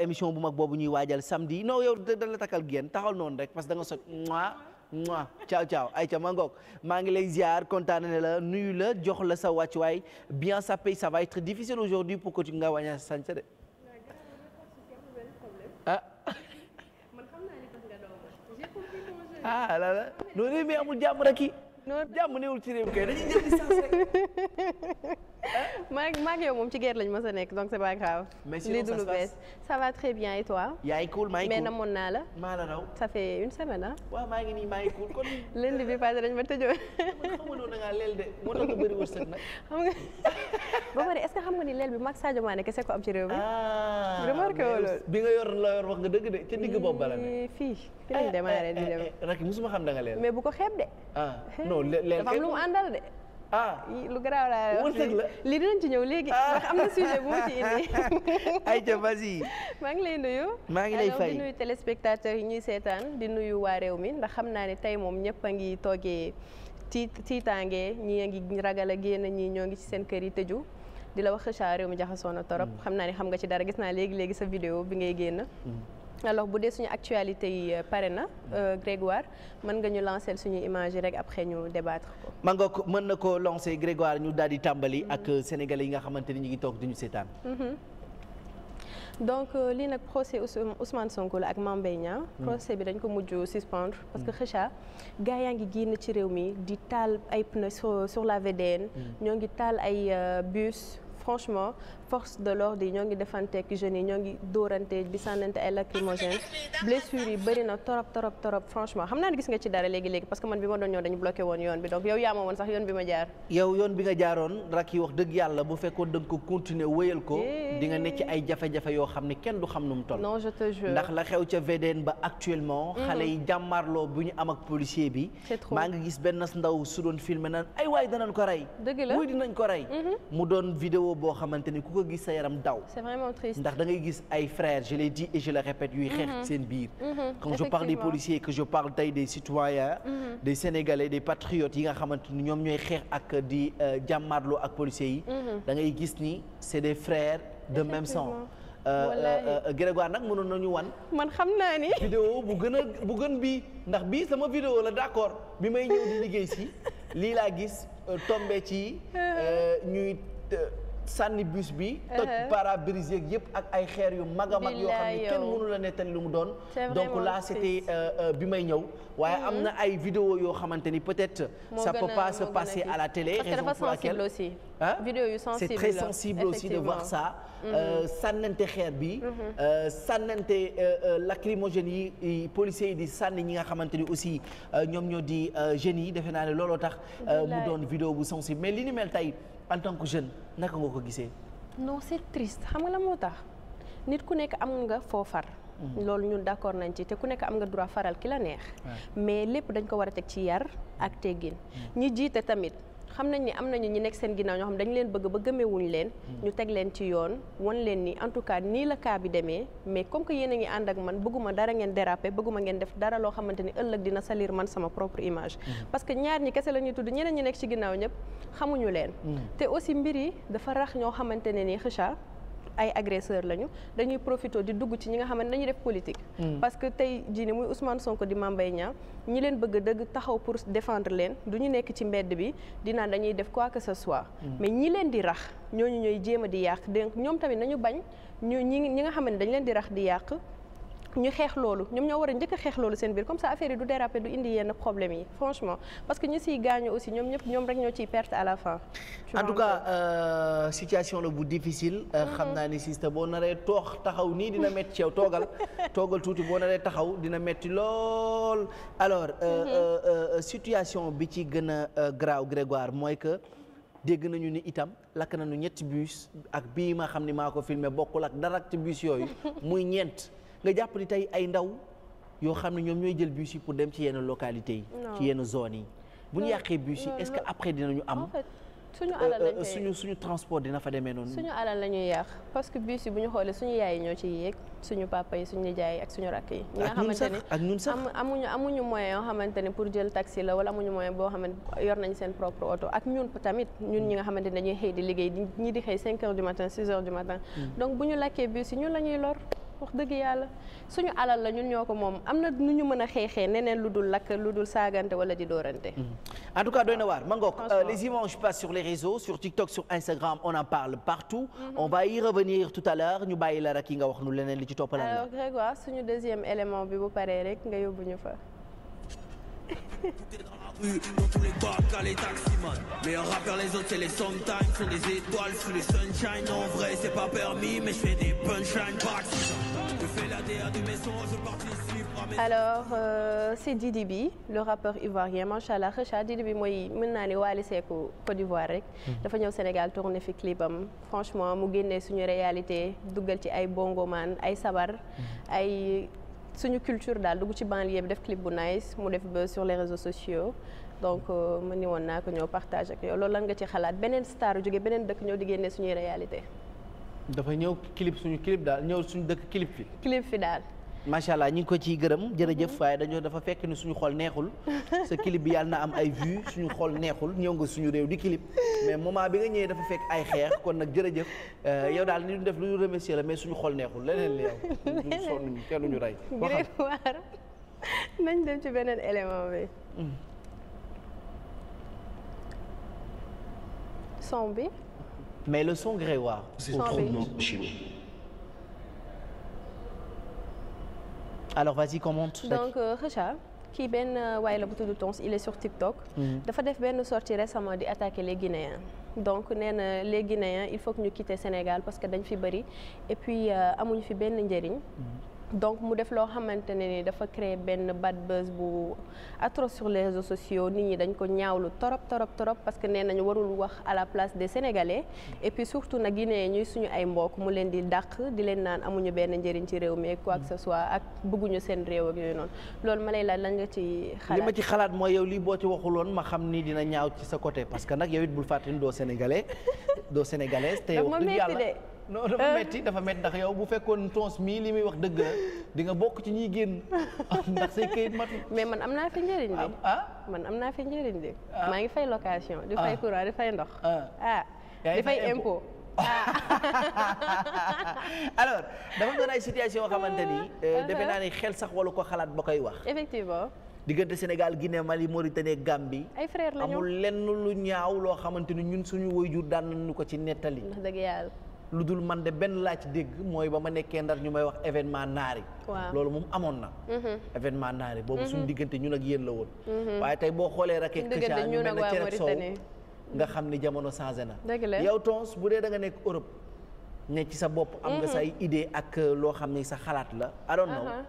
émission bu mag boobu ñuy waajal samedi non yow da la takkal génn taxal noonu rek parce que da nga soj moi moi ay ciao ayca maa ngi lay ziar kontaan ne la nuyu la jox la sa wàccuwaay bien sapé sa va être difficile aujourd'hui pour que nga wàññi sa ah la la non réew mi amul jàmm rek yi. jàmm newul ci réew mi kay dañuy jël distance rek. maa maa yow moom ci geer lañ mës a nekk donc se pas grave. mais sinon ça se passe ça va très bien et toi. yaa ngi cool maa ngi cool naa la. maa la raw ça fait une maa ngi nii bi passé dañ ma tëjoon. xamaloon na ngaa leel xam nga ba pare est-ce que xam nga ni leel bi mag Sadio Mané kese ko am ci réew mi. Ah, remarqué woo bi nga yor la yor wax nga dëgg de ca digg boobu bala ne. fii fi lañ eh, eh, démarré di eh, dem. rek musuma xam da nga leel. mais bu ko xeeb de. ah non leel dafa am lu mu de. Ah. lu garaaw laa wërsëg la li dinañ ci ñëw léegi wax ah. am na sujet bu ci indi ayca vas maa ngi lay nuyu maa ngi lay fay di nuyu téléspectateurs yi ñuy seetaan di nuyu waa réew mi ndax xam naa ne tey moom ñëpp a ngi toogee tiit tiitaange ñii a ngi ragal a génn ñii ñoo ngi ci seen kër yi tëju di la wax xëcaa réew mi jaxasoo na torop mm. xam naa ni xam nga ci dara gis naa léegi léegi sa vidéo bi ngay génn mm. alors bu dee suñu actualité yi euh, pare na euh, Grégoire mën nga ñu lancer suñu image yi rek après ñu débattre ko. ma nga ko mën na ko lancer Grégoire ñu daal di tàmbali ak euh, sénégalais yi nga xamante ni ñu ngi toog di ñu seetaan. Mhm. donc lii nag procès Ousmane Sonko la ak Mame Mbaye Niang mhm. procès bi dañ ko mujj suspendre parce que xëcha mhm. gars yaa ngi génn ci réew mi di taal ay pneus sur la VDN. ñoo ngi taal ay bus franchement force de l'ordre yi ñoo ngi defanteek jeunes yi ñoo ngi dóorante di sànnante ay lacrymogène blessures yi bëri torop torop torop franchement xam naa ne gis nga ci dara léegi léegi parce que man bi ma doon ñëw dañu bloqué woon yoon bi donc yow yaa ma woon sax yoon bi ma jaar yow yoon bi nga jaaroon rak yi wax dëgg yàlla bu fekkoon da ko continuer wéyal ko eh. di nekk ay jafe-jafe yoo xam ne kenn du xam nu mu ndax la xew ca VDN ba actuellement mm. xale ndaw su doon filmé naan ay waay ko rey dëgg la muy dinañ ko rey mm-hmm. ko gis sa yaram daw. ndax da ngay gis ay frères je l'ai dit et je le répète yuy xeex mm-hmm. seen biir. Mm-hmm. quand je parle des policiers que je parle tey des citoyens. Mm-hmm. des sénégalais des patriotes yi nga xamante ni ñoom ñooy xeex ak di euh, jàmmaarloo ak policiers yi. da ngay gis ni c'est de frères de même sang. Euh, euh, walaay Grégoire nag mënoon nañu wan. man xam naa ni. vidéo bu gën a bu gën bii ndax bii sama vidéo la d'accord bi may ñëw di liggéey si lii laa gis tombé ci ñuy. sànni bus bi. toj uh-huh. pare-brise yëpp ak ay xeer yu mag a mag. yoo xam ne kenn mënu la nettali lu mu doon. donc là c'était euh, euh, bi may ñëw. waaye am na mm-hmm. ay vidéo yoo xamante ni peut-être. ça peut pas se passer à la télé. raison pour laquelle parce que dafa c'est très sensible aussi de voir ça. Mm-hmm. Euh, sànnante xeer bi. Mm-hmm. sànnante lacrymogène yi policiers yi di sànni ñi nga xamante ni aussi ñoom ñoo di jeunes yi defe naa ne looloo tax. mu doon vidéo bu sensible mais li ni mel tey. en tant que jeune naka nga ko gisee. non c'est triste xam nga la moo tax nit ku nekk am nga foofar. Mm-hmm. loolu ñun d'accord nañ ci te ku nekk am nga droit faral ki la neex. mais lépp dañ ko war a teg ci yar ak teggin. Mm-hmm. ñi jiite tamit. xam nañ ni am nañu ñu nekk seen ginnaaw ñoo xam dañu leen bëgg ba gëmewuñu leen. Hmm. ñu teg leen ci yoon wan leen ni en tout cas nii la cas bi demee mais comme que yéen a ngi ànd ak man bëgguma dara ngeen déraper bëgguma ngeen def dara loo xamante ni ëllëg dina salir man sama propre image. Hmm. parce que ñaar ñi kese la ñuy tudd ñeneen ñi nekk ci ginnaaw ñëpp xamuñu leen. Hmm. te aussi mbir yi dafa rax ñoo xamante ne ni xëcca ay agresseur lañu dañuy profité di dugg ci ñi nga xam dañuy def politique. Hmm. parce que tey jii nii muy Ousmane Sonko di mambay Mbaye ñi leen bëgg dëgg taxaw pour défendre leen du ñu nekk ci mbedd bi dinaan dañuy def quoi que ce soit. Hmm. mais ñi leen di rax ñooñu ñooy jéem a di yàq donc ñoom tamit nañu bañ ñu ñi ñi nga xam ne dañ leen di rax di yàq. ñu xeex loolu ñoom ñoo war a njëkk a xeex loolu seen biir comme ça affaire yi du déraper du indi yenn problème yi franchement parce que ñu siy gaañu aussi ñoom ñëpp ñoom rek ñoo ciy perte à la fin. en tout cas euh, situation la bu difficile. Euh, mhm. xam naa ni sister boo naree toog taxaw nii dina metti ci yow toogal toogal tuuti boo naree taxaw dina metti lool. alors euh, mhm. euh situation bi ci gën a graaw Grégoire mooy que. dégg nañu ni itam lakk nañu ñetti bus ak bii ma xam ni maa ko filmé bokkul ak dara ci bus yooyu nga jàpp ni tey ay ndaw yoo xam ne ñoom ñooy jël bus yi pour dem ci yenn localité yi. ci yenn zone yi. bu ñu yàqee bus yi est après dinañu am. suñu euh, alal euh, lañ transport dina fa demee noonu. suñu alal la ñuy yàq parce que bus yi bu ñu xoolee suñu yaay yi ñoo ciy yéeg suñu papa yi suñu nijaay yi ak suñu rakk yi. ak ñun sax amuñu amuñu moyen yoo xamante ni pour jël taxi la wala amuñu moyen boo xamante yor nañ seen propre oto ak ñun tamit ñun ñi nga xamante ni dañuy xëy di liggéey ñi di xëy 5 heures du matin 6 heures du matin. Hmm. wax dëgg yàlla suñu alal la ñun ñoo ko moom am na nu ñu mën a xeexee neneen lu dul lakk lu dul saagante wala di doorante. Mm-hmm. en tout cas doy na waar Mangok euh, les images passent su les réseaux sur TikTok sur Instagram on en parle partout. Mm-hmm. on va y revenir tout à l'heure ñu bàyyi la rek yi nga wax nu leneen li ci toppal. alors Grégoire suñu deuxième élément bi bu paree rek nga yóbbu ñu fa. rue, Alors, euh, c'est Didi Bi, le rappeur ivoirien. Machallah, Recha, Didi Bi, mooy mën naa ne Wally Seck Côte rek. Hmm. dafa ñëw Sénégal tourné fi clipam. franchement mu génnee suñu réalité duggal ci ay bongoman ay sabar hmm. ay. suñu culture daal dugg ci banlieue bi def clip bu nice mu def buzz sur les réseaux sociaux donc euh, ma ni woon naa ko ñëw partage ak yow loolu lan nga ci xalaat beneen star jóge beneen dëkk ñëw di génne suñuy réalité dafa ñëw clip suñu clip daal ñëw suñu dëkk clip fi clip fi daal macha allah ñi ngi ko ciy gërëm mhm. jërëjëf waaye dañoo dafa fekk ni suñu xol neexul sa clip bi yàlla na am ay vues suñu xol neexul ñëw nga suñu réew di clip mais moment bi nga ñëwee dafa fekk ay xeex kon nag jërëjëf euh, yow daal ni ñu def lu ñu remercier la mais suñu xol neexul leneen la yow ñu sonn ñu kenn ñu rey waar nañ dem ci beneen élément bi mm. son bi mais le son alors vas-y commente. donc euh, Kheucha kii benn euh, waay la bu tudd Tons il est sur TikTok. Mhm. dafa def benn sortie récemment di attaquer les Guinéens. donc nee na les Guinéens il faut que ñu quitter Sénégal parce que dañ fi bëri et puis euh, amuñ fi benn njëriñ. Mhm. donc mu def loo xamante ne ni dafa créer benn bad buzz bu atroce sur les réseaux sociaux nit ñi dañ ko ñaawlu torop torop torop parce que nee nañu warul wax à la place de sénégalais et puis surtout nag Guinée ñuy suñu ay mbokk mu leen di daq di leen naan amuñu benn njëriñ ci réew mi quoi que ce soit ak bëgguñu seen réew ak yooyu noonu loolu ma lay laaj lan nga ci xalaat xalaat mooy yow lii boo ci waxuloon ma xam ni dina ñaaw ci sa côté parce que nag yow it fàttali doo sénégalais doo sénégalaise non dafa euh. metti dafa metti ndax yow bu fekkoon tons mii li muy wax dëgg la di nga bokk ci ñuy génn ndax say kayit matu mais man am naa fi njëriñ de ah, ah? man am naa fi ah. maa ngi fay location di fay courant di fay ndox ah di fay dafa doon ay situation yoo xamante ni euh, defe naa ne xel sax wala ko xalaat ba koy wax effectivement diggante Sénégal Guinée Mali Mauritanie Gambie. ay frère la ñu lenn lu ñaaw loo xamante ni ñun suñu waajur daan nañu ko ci nettali. dëgg yàlla. lu dul man de benn laaj dégg mooy ba ma nekkee ndar ñu may wax événement naari loolu moom amoon na mhm. événement naari boobu mhm. suñu diggante ñu nag yéen la woon mhm. waaye tey boo xoolee rek këcaa ñu mel ne cere nga xam ni jamono changé na yow tons bu dee danga nekk Europe ne ci sa bopp am nga say idée ak euh, loo xam ni sa xalaat la I don't know uh-huh.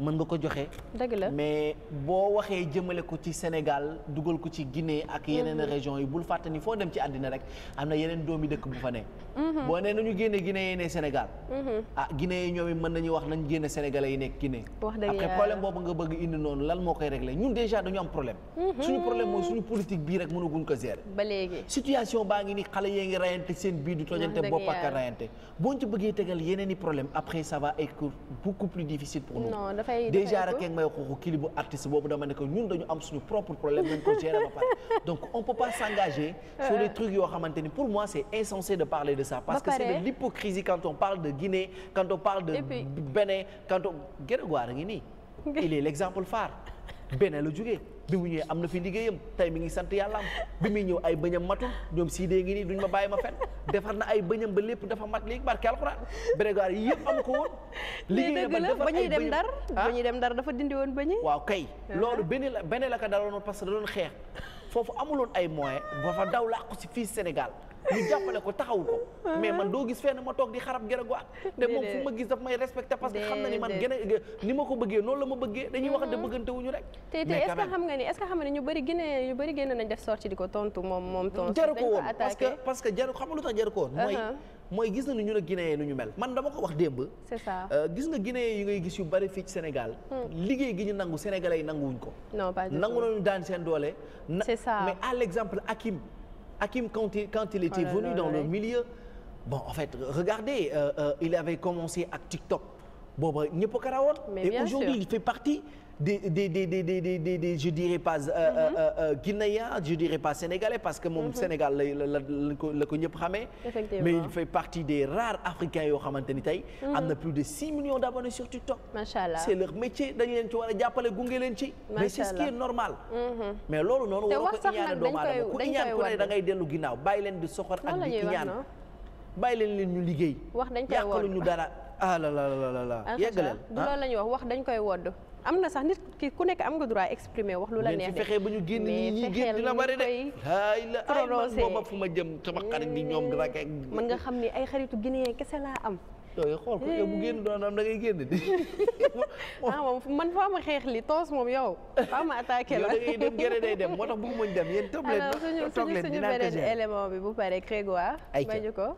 mën nga ko joxe. dëgg la mais boo waxee jëmmale ko ci Sénégal dugal ko ci Guinée ak yeneen mhm. région yi bul fàtte ni foo dem ci àddina rek am na yeneen doomi dëkk bu fa ne. Mhm. boo nee nañu génne Guinée yi ne Sénégal. Mhm. ah Guinée yi ñoom it mën nañu wax nañ génne Sénégalais yi nekk Guinée. wax dëgg après problème boobu nga bëgg indi noonu lan moo koy réglé ñun déjà dañu am problème. suñu problème mooy suñu politique bii rek mënaguñ ko gérer. ba léegi situation baa ngi ni xale yee ngi rayante seen biir di tojante bopp ak rayante boo ñu bëggee tegal yeneen i problème après ça va dafay déjà rek ak may waxu kilibu artiste boobu dama ne que ñun dañu am suñu propre problème nañ ko gérer ba pare donc on peut pas s'engager sur euh. des trucs yoo xamante ni pour moi c'est insensé de parler de ça parce que c'est de l'hypocrisie quand on parle de Guinée quand on parle de Bénin quand on Guérégoire a ngi nii il est l'exemple phare Bénin la jógee bi mu ñëwee am na fi liggéeyam tey mi ngi sant yàlla am bi muy ñëw ay bëñam matul ñoom sii dee ngi nii duñ ma bàyyi ma fen defar na ay bëñam ba lépp dafa mat léegi barke alxuraan brégoire yi yëpp am ko woon liggéey na ba ñuy dem dar ba ah? ñuy dem dar dafa dindi woon bëñi waaw kay ah. loolu benn la beneen la ko daloon parce que da doon xeex foofu amuloon ay moyens ba fa daw làqu si fii Sénégal ñu jàppale ko taxawu ko mais man doo gis fenn ma toog di xarab gërë guwaat te moom fu ma gis daf may respecté parce que xam a ko bëggee noonu la ma bëggee dañuy waxante mm-hmm. bëggante wuñu rek te te est-ce que xam nga ni est que xam nga ni ñu bëri gën a ñu bëri nañ def sorti di ko tontu moom moom tontu jaru ko woon parce que jar que jaru xam nga lu tax jaru ko woon mooy uh-huh. mooy gis nañu ñu ne Guinée nu ñu mel man dama ko wax démb. c'est ça euh, gis nga Guinée yi ngay gis yu bari fii ci Sénégal. Hmm. liggéey gi ñu nangu sénégalais yi nanguwuñ ko. non pas nangu nañu daan seen doole. c'est ça mais à l'exemple Hakim Hakim quand il quand il était oh venu dans le milieu. bon en fait regardez euh, euh, il avait commencé ak TikTok booba ñëpp a karawoon. et aujourd'hui il fait partie. des des des des des des des je dirais pas. Euh, euh, mm-hmm. euh, guinéen je dirais pas sénégalais parce que moom mm-hmm. Sénégal lay la la la ko ñëpp xamee. mais il fait partie des rares africains yoo xamante ni tey. Mm-hmm. am na plus de 6 millions d'abonnés sur TikTok. macha allah c'est leur métier dañu leen ci war a jàppale gunge leen ci. mais c'est ce qui est normal. mais loolu noonu. te wax sax nag dañ koy ku ñaan ku ne da ngay dellu ginnaaw bàyyi leen di soxor ak di ñaan bàyyi leen leen ñu liggéey. wax dañ koy wodd yàqaluñu dara ah la la la la la. yeggaleel du ah? loolu la ñuy wax wax dañ koy wodd am na sax nit ku nekk am nga droit exprimer wax lu la neex de fexe ba ñu génn ñi ñi génn dina bari de ay la man booba fu ma jëm sama xarit mm. nga xam ni ay xaritu guinéen kese laa am yooyu xool bu génn doon am da ngay génn di ah moom man faa ma xeex li toos moom yow faa ma attaqué la da day dem moo mu mën dem yéen toog leen alors suñu suñu beneen élément bi bu paree Grégoire bañu ko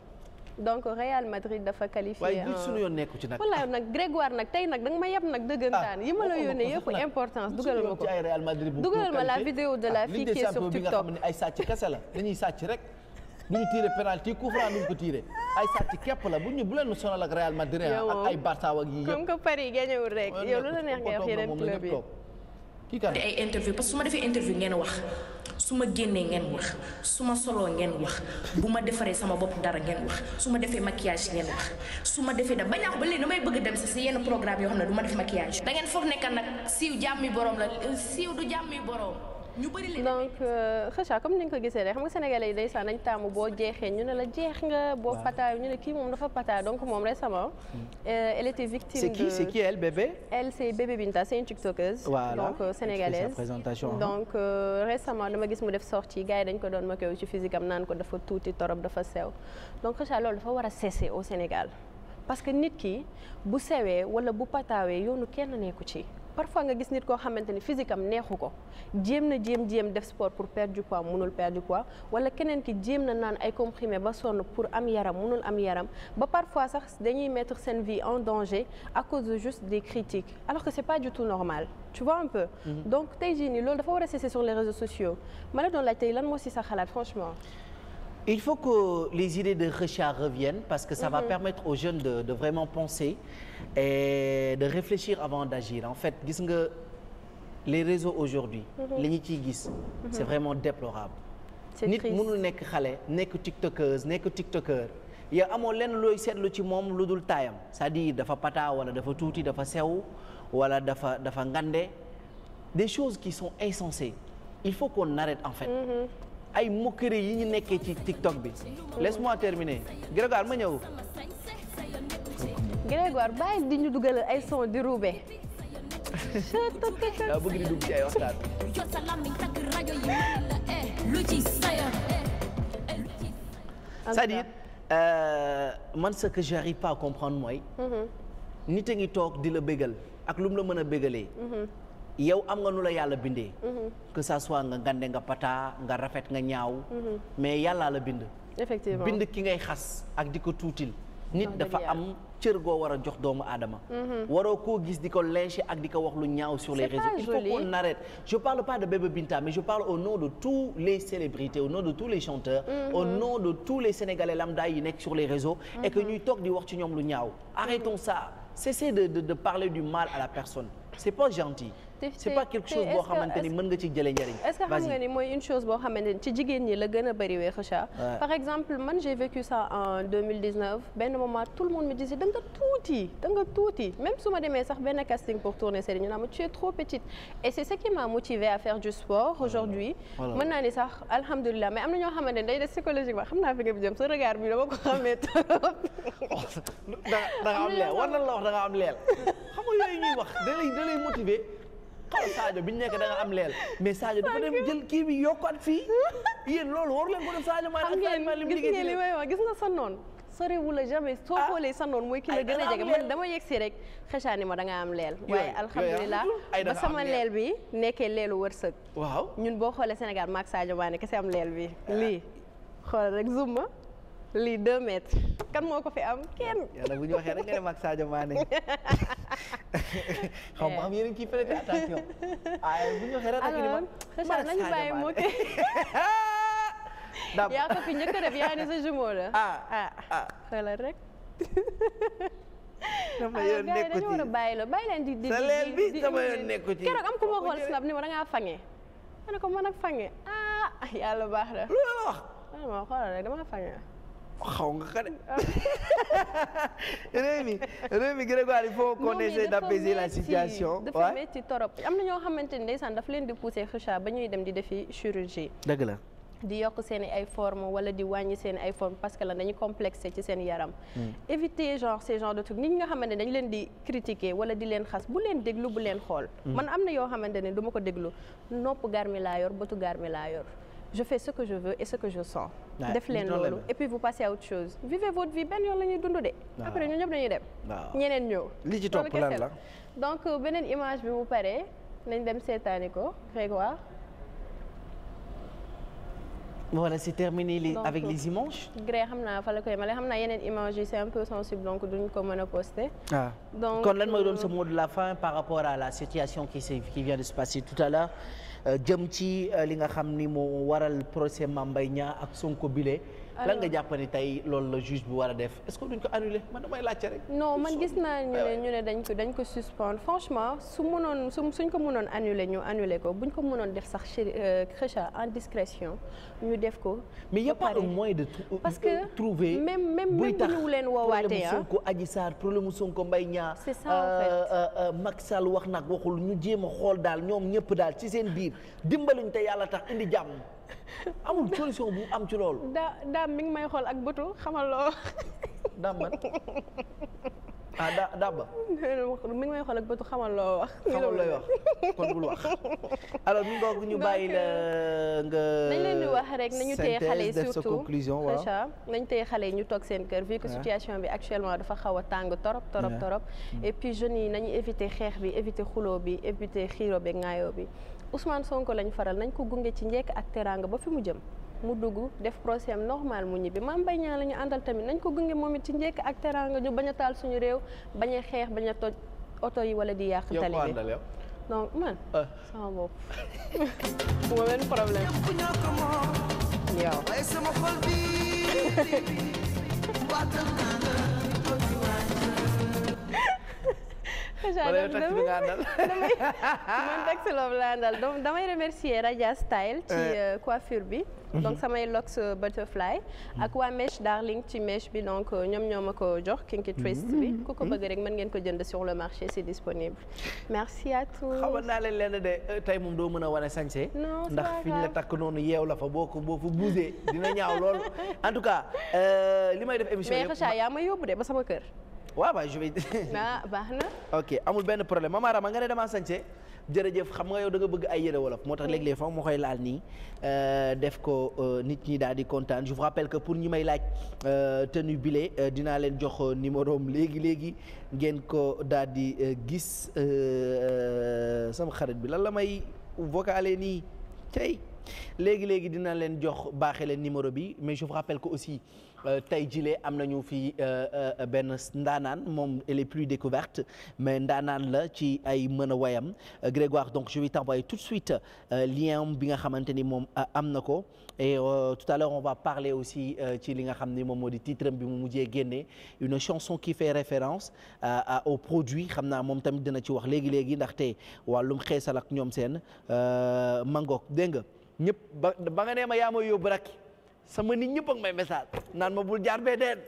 donc Real Madrid dafa qualifié. waaye bu ah. suñu yoon nekku ci nag. wala nag Grégoire nag tey nag danga ma yab nag dëggantaan ah, yi ma la yónnee yëpp importance dugalal ma la vidéo de la fille qui est sur TikTok ay sàcc kese dañuy sàcc rek du ñu tiré penalty coup franc duñ ko ay sàcc képp la bu ñu bu leen sonal Real Madrid ah, ak ay Barça ak yii yëpp comme que Paris gañewul rek yow lu la neex nga wax yeneen club yi kii ay interview parce su ma defee interview ngeen wax su ma génnee ngeen wax su ma soloo ngeen wax bu ma defaree sama bopp dara ngeen wax su ma defee maquillage ngeen wax su ma defee da bañ a wax ba léegi damay bëgg dem si si yenn programme yoo xam ne du ma def maquillage. da ngeen foog nekk nag siiw jàmmi borom la siiw du jàmmi borom. ñu bëri donc xëcca euh, comme ni nga ko gisee rek xam nga sénégalais yi ndeysaan nañ taamu boo jeexee ñu ne la jeex nga boo pataayu ñu ne kii moom dafa pata donc moom récemment hmm. euh, elle était victime c'est qui c'est qui elle bébé elle c'est bébé Binta c'est une tiktokeuse donc euh, sénégalaise donc récemment dama gis mu def sortie gars yi dañ ko doon ma kow ci physique am naan ko dafa tuuti torop dafa sew donc xëcca loolu dafa war a cesser au Sénégal parce que nit ki bu sewee wala bu pataawee yoonu kenn nekku ci parfois nga gis nit koo xamante ni physique am neexu ko jéem na jéem jéem def sport pour perdre du poids mënul perdre du poids wala keneen ki jéem na naan ay comprimé ba sonn pour am yaram mënul am yaram ba parfois sax dañuy mettre seen vie en danger à cause de juste des critiques alors que c'est pas du tout normal tu vois un peu. Mm -hmm. donc tey jii nii loolu dafa war a cesser sur les réseaux sociaux ma tey lan moo ci sa xalaat franchement. il faut que les idées de Richard reviennent parce que ça va mhm. permettre aux jeunes de, de vraiment penser et de réfléchir avant d'agir en fait gis nga les réseaux aujourd'hui mhm. li ñu ciy gis mhm. c'est vraiment déplorable nit mënul nekk xale nekk tiktokeuse nekk tiktoker yow amoo lenn looy seetlu ci moom lu dul taayam c'est-à-dire dafa pata wala dafa tuuti dafa sew wala dafa dafa ngande des choses qui sont insensées il faut qu'on arrête en fait ay moquerie yi ñu nekkee ci TikTok bi laisse-moi terminer Grégoire ma ñëw. Grégoire bàyyi di ñu dugalal ay son di roube. daa bëgg euh, man ce que j'arrive pas à mooy. Mm-hmm. nit a ngi toog di la bégal ak lu mu la mën a bégalee. Mm-hmm. yow am nga nu la yàlla bindee mm-hmm. que ça soit nga ngande nga pata nga rafet nga ñaaw mm-hmm. mais yàllaa la bind effectivement bind ki ngay xas ak di ko tuutil nit dafa am cër goo war a jox doomu aadama mm-hmm. waroo koo gis di ko lyncher ak di ko wax lu ñaaw sur les réseaux il faut qu'on arrête je parle pas de Bébé Binta mais je parle au nom de tous les célébrités au nom de tous les chanteurs au nom de tous les sénégalais lambda yi nekk sur les réseaux et que ñuy toog di wax ci ñoom lu ñaaw arrêtons ça de de parler du mal à c'est pas quelque chose boo xamante ni mën nga ci jëlee njëriñ est que xam nga ni mooy une chose boo xamante ni ci jigéen ñi la gën a bëri wee par exemple man j'ai vécu ça en benn moment tout le monde me disait da nga tuuti da nga tuuti même sax benn casting pour tourner série ñu naan ma tu es trop petite et c'est ce qui m'a motivée à faire du sport aujourd'hui mën naa sax alhamdulilah mais am na ñoo xamante ni day psychologiquement xam naa fi nga bi jëm sa regard bi dama ko la wax xaw Sadio bi ñu nekk da nga am leel mais Sadio dafa dem jël kii bi yokkaat fii yéen loolu waru leen ko def Sadio Mané ak Sadio Mané gis ma li may wax gis nga sa noon sorewul la soo ah. xoolee sa noon mooy ki la gën a jege man dama yegsi rek xëcaani ma danga am leel waaye alhamdulilah ba sama leel bi nekkee leelu wërsëg waaw ñun boo xoolee Sénégal maak Sadio Mané kese am leel bi ah. lii xoolal rek zuma lii deux mètres. kan moo ko fi am kenn. yàlla bu ñu waxee rek nga dem ak Sadio Mané xaw ma am yéen a ngi ciy prêter attention bu ñu waxee rek. alors xëcc nañu bàyyi moo kay. d' yaa ko fi a def yaa ni la. Ah. Ah. Ah. rek. sama yoon nekku ci dañu ma ne ko man ak fange ah baax na. lu ma wax. ma xoolal rek dama fange. xaw nga ko de ah. réew mi réew mi Grégoire il faut qu'on essaie d'apaiser la situation dafa metti torop am na ñoo xamante ni ndeysaan daf leen di pousser xëcca ba ñuy dem di defi chirurgie dëgg la di yokk seen i ay forme wala di wàññi seen i ay forme parce que lan dañuy complexé ci seen yaram hmm. éviter genre ces de trucs nit ñi nga xamante dañ leen di critiquer wala di leen xas bu leen déglu bu leen xool hmm. man am na yoo xamante ne du ma ko déglu nopp garmi laa yor bëtu garmi laa yor je fais ce que je veux et ce je sens. def leen loolu et puis vous passez à chose. vivez votre vie benn yoon la ñuy dund de. après ñun ñëpp dañuy dem. ñeneen ñëw. li ci topp lan la donc euh, beneen image bi bu paree nañ dem seetaani ko Grégoire. voilà c'est terminé les donc, avec les images. Gré xam naa fa la koy yemale xam naa yeneen images yi c'est un peu sensible donc duñ ko mën a poster. ah doon ce euh, la fin par rapport à la situation qui qui de se passer tout à l'heure jëm ci euh, li nga xam ni moo waral procès Mame Mbaye Niang ak Sonko bile lan nga jàpp ne tey loolu la juge bi war a def est-ce que duñ ko annulé man damay laajte rek. non man gis naa ah ñu ne dañ ko dañ ko suspendre franchement su mënoon su suñ ko mënoon annulé ñu annulé ko buñ ko mënoon def sax euh, crachat en discrétion ñu def ko. mais y a pas un de. parce que trouver même même buy tax ñu leen woowaatee ah problème Sonko Adji Sarr problème mu Sonko Mbaye Niang. c'est ça en euh, fait euh, Macky wax nag waxul ñu jéem a xool daal ñoom ñëpp daal ci seen biir dimbaliñ te yàlla tax indi jàmm. amul solution bu am ci loolu. daa daam mi ngi may xool ak bëtu xamal loo. daam man ah da daam mi ngi may xool ak bëtu xamal loo wax. xamal looy wax kon bul wax. alors mi ngoog ñu bàyyi la nga. nañ leen di wax rek nañu téye xale nañu téye xale yi ñu toog seen kër. vu que situation bi actuellement dafa xaw a tàng torop torop torop. Mm. et puis jeunes yi nañu éviter xeex bi éviter xuloo bi éviter xiiro bi ngaayoo bi. Ousmane Sonko lañu faral nañ ko gunge ci njekk ak teraanga ba fi mu jëm mu dugg def procès am normal mu ñibbi Mame Mbaye Niang la àndal tamit nañ ko gunge moom it ci njekk ak teraanga ñu bañ taal suñu réew bañ xeex bañ a toj oto yi wala di yàq tali bi donc man ah. sama bopp bu ma benn problème yow wala yow taxi bi laa àndal damay remercier Radia Style ci eh. eh, coiffure bi donc samay locks euh, butterfly ak waa mèche darling ci mèche bi donc euh, ñoom ñoo ma ko jox kinky twist bi ku ko bëgg rek mën ngeen ko jënd sur le marché c'est disponible merci à tous xawoon naa leen leen de euh, tey moom doo mën a wane sañse ndax fi ñu la takk noonu yeew la fa boo ko boo fa bougé dina ñaaw loolu en tout cas li may def émission mais Kheucha yaa ma yóbbu de ba sama kër waawaa waaw je vais. Ah, baax na. ok amul benn problème Mama Rama nga ne damaa sañse jërëjëf xam nga yow danga bëgg ay yére wolof moo tax léeg-léeg fa ma koy laal nii euh, def ko euh, nit ñi daal di kontaan je vous rappelle pour ñi may laaj euh, tenue bile dinaa leen jox numéro léegi léegi ngeen ko daal di gis sama xarit bi lan la may vocalé nii tey léegi léegi dina leen jox baaxee leen numéro bi mais je vous ko aussi. Euh, tey jile am nañu fi euh, euh, benn ndaanaan moom elle est plus découverte mais ndaanaan la ci ay mën a wayam Grégoire donc je vais t'envoyer tout de suite lien bi nga xamante ni moom am na ko et tout à l'heure on va parler aussi ci li nga xam ni moom moo di titre bi mu mujjee génne une chanson qui fait référence au produit xam naa moom tamit dana ci wax léegi léegi ndaxte wàllum xeesal ak ñoom seen mangook dégg nga ma yaa ma rek sama nit ñëpp ak may message naan ma bul jaar bee deen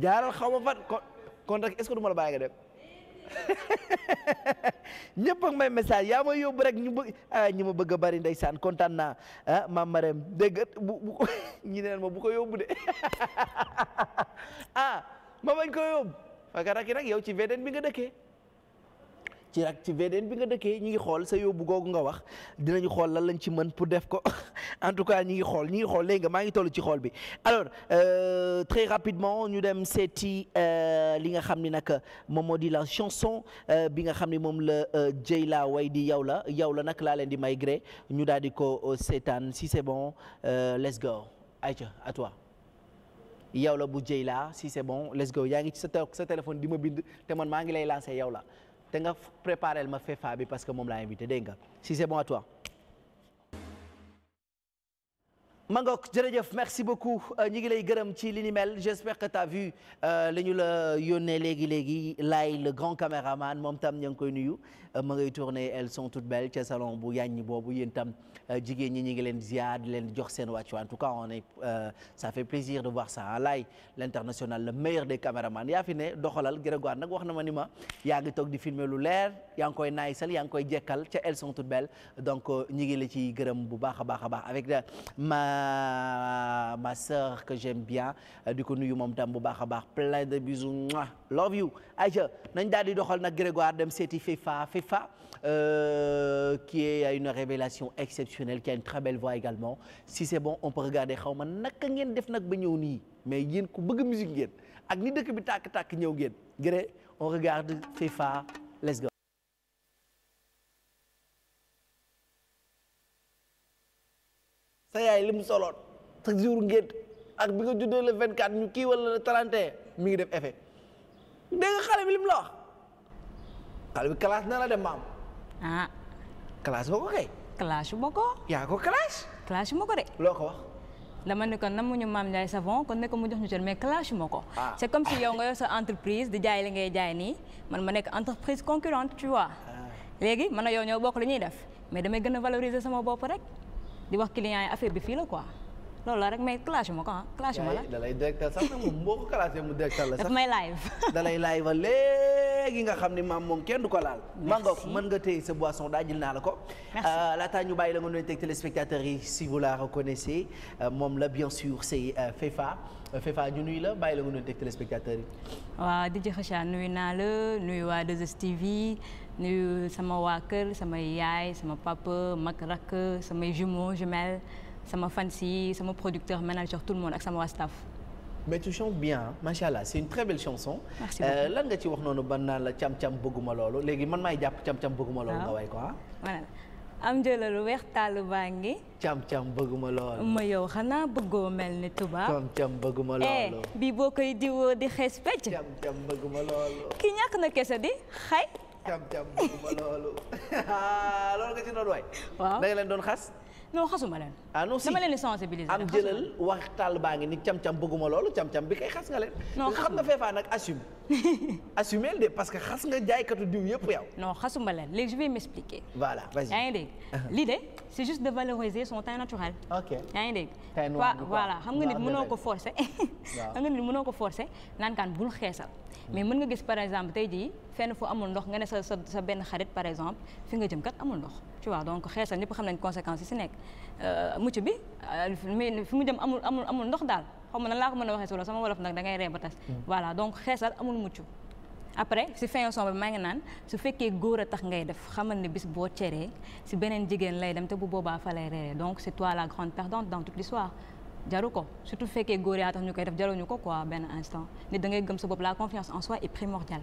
jaaral xaw ma fan kon kon rek est-ce que du ma dem ñëpp may message yaa may yóbbu rek ñu bëgg ah ñi ma bëgg a bari ndeysaan kontaan naa ah maam Marème bu bu ñi neen ma bu ko yóbbu de ah ma bañ ko yóbbu fekk rek yow ci VDN bi nga dëkkee. ci ak ci VDN bi nga dëkkee ñi ngi xool sa yóbbu googu nga wax dinañu xool lan lañ ci mën pour def ko en tout cas ñi ngi xool ñi ngi nga maa ngi toll ci xool bi alors euh, très rapidement ñu dem seeti euh, li nga xam ni nag moom moo di la chanson euh, bi nga xam ni moom la Dieyla euh, way di yow la yow la nag laa leen di may gré ñu daal di ko seetaan si c'est bon euh, let's go Aïcha à toi yow la bu Dieyla si c'est bon let's go yaa ngi ci sa sa téléphone di ma bind te man maa ngi lay lancé yow la te nga préparel ma fefa bi parce que moom laa invité de nga si c'est bon à toi. Mangok jërëjëf merci beaucoup euh, ñi ngi lay gërëm ci li ni mel j'espère que t'as vu euh, li ñu la yónnee léegi léegi laay le grand caméraman moom tam ña ngi koy nuyu. ma ngay tourné elles sont toutes belles salon bu yàññ boobu yéen tam euh, jigéen ñi ñu ngi leen ziar di leen jox seen wàccu en tout cas on est euh, ça fait plaisir de voir ça ah l'international le meilleur des caméramans yaa fi ne doxalal nag wax na ma ni ma yaa ngi toog di filmer lu leer yaa ngi koy naayisal yaa ngi koy jekkal ca elles sont toutes belles donc euh, ñu ngi la ci gërëm bu baax a baax a baax avec ma ma sœur que j'aime bien di ko nuyu moom tam bu baax a baax plein de bisous love you ayca Khalifa, euh, qui est, a une révélation exceptionnelle, on peut xaw ma naka ngeen def nag ba ñëw nii mais yéen ku bëgg musique ngeen ak dëkk bi tàkk-tàkk ñëw ngeen gré on regarde sa yaay li mu soloon sa jour ngeen ak bi nga juddoo le 24 ñu kii wala le 31 mi ngi def effet dégg nga xale bi la xale bi classe na la dem maam. ah. classe ba ko kay. classe ba ko. yaa ko classe. classe ma ko de. loo ko wax. dama ne ko na namuñu maam Ndiaye savon kon ne ko mu jox ñu cër mais clash ma ko. c'est comme si yow nga yor sa entreprise di jaay li ngay jaay nii man ma nekk entreprise concurrente tu vois. léegi man a yow ñoo bokk li ñuy def mais damay gën a valoriser sama bopp rek di wax client yi affaire bi fii la quoi. loolu a rek mais clashé ma ko ah clashé ma la. da lay directal sax moom boo ko clashé mu directal la sax. daf live. da lay live léegi nga xam ne maam moom kenn du ko laal. mangook man nga téye sa boisson daa jël naa la ko. merci laataa ñu bàyyi la nga nuyoog teg téléspectateurs yi si vous la reconnaissez moom la bien sûr c'est Fefa Fefa ñu nuyu la bàyyi la nga nuyoog teg téléspectateurs yi. waaw di Kheucha nuyu naa la nuyu waa 2STV. nuyu sama waa kër sama yaay sa papa mag rakk samay jumeaux sama fans sama producteur manager tout le monde ak sama waa staff. mais bien macha allah c'est une très belle chanson. merci euh, beaucoup lan nga ci wax noonu ban naan la cam cam bëgguma loolu léegi man may jàpp cam cam bëgguma loolu. nga way ko ah. am jëlalu weex tàll baa ngi. cam cam bëgguma loolu. ma yow xanaa bëggoo mel ni tubaab. cam cam bëgguma loolu. Eh, bi boo koy diwoo di xees pecc. cam cam bëgguma loolu. ki ñàkk na kese di xay. cam cam bëgguma loolu ah, loolu nga ci doon doon xas. non xasuma leen. ah non si dama leen di sensibiliser. am jëlal wax tàll baa ngi ni cam-cam bëgguma loolu cam-cam bi kay xas nga leen. non xam nga feefaa nag assume. assumer de parce que xas nga jaaykatu diw yëpp yow. non xasuma leen léegi je vais m'expliquer. voilà vas-y yaa ngi dégg. de c'est juste de valoriser son teint naturel. yaa ngi dégg. voilà xam nga nit mënoo ko forcer. xam nga nit mënoo ko forcer naan kaan bul xeesal. Hmm. mais mën nga gis par exemple tey jii fenn foo amul ndox nga ne sa sa benn xarit par exemple fi nga jëm kat amul ndox. tu donc xeesal ñëpp xam nañ conséquences yi si nekk euh, mucc bi euh, fi mu jëm amul amul amul ndox daal xaw ma laa ko mën a waxee solo sama wolof nag da ngay ree ba tas hmm. voilà donc xeesal amul mucc après si fin son bi maa ngi naan su fekkee góor a tax ngay def xamal ne bis boo ceree si beneen jigéen lay dem te bu boobaa fa lay reeree donc c'est toi la grande perdante dans toute l'histoire jaru ko surtout fekkee góor yaa tax ñu koy def jaruñu ko quoi benn instant nit da ngay gëm sa bopp la confiance en soi est primordiale.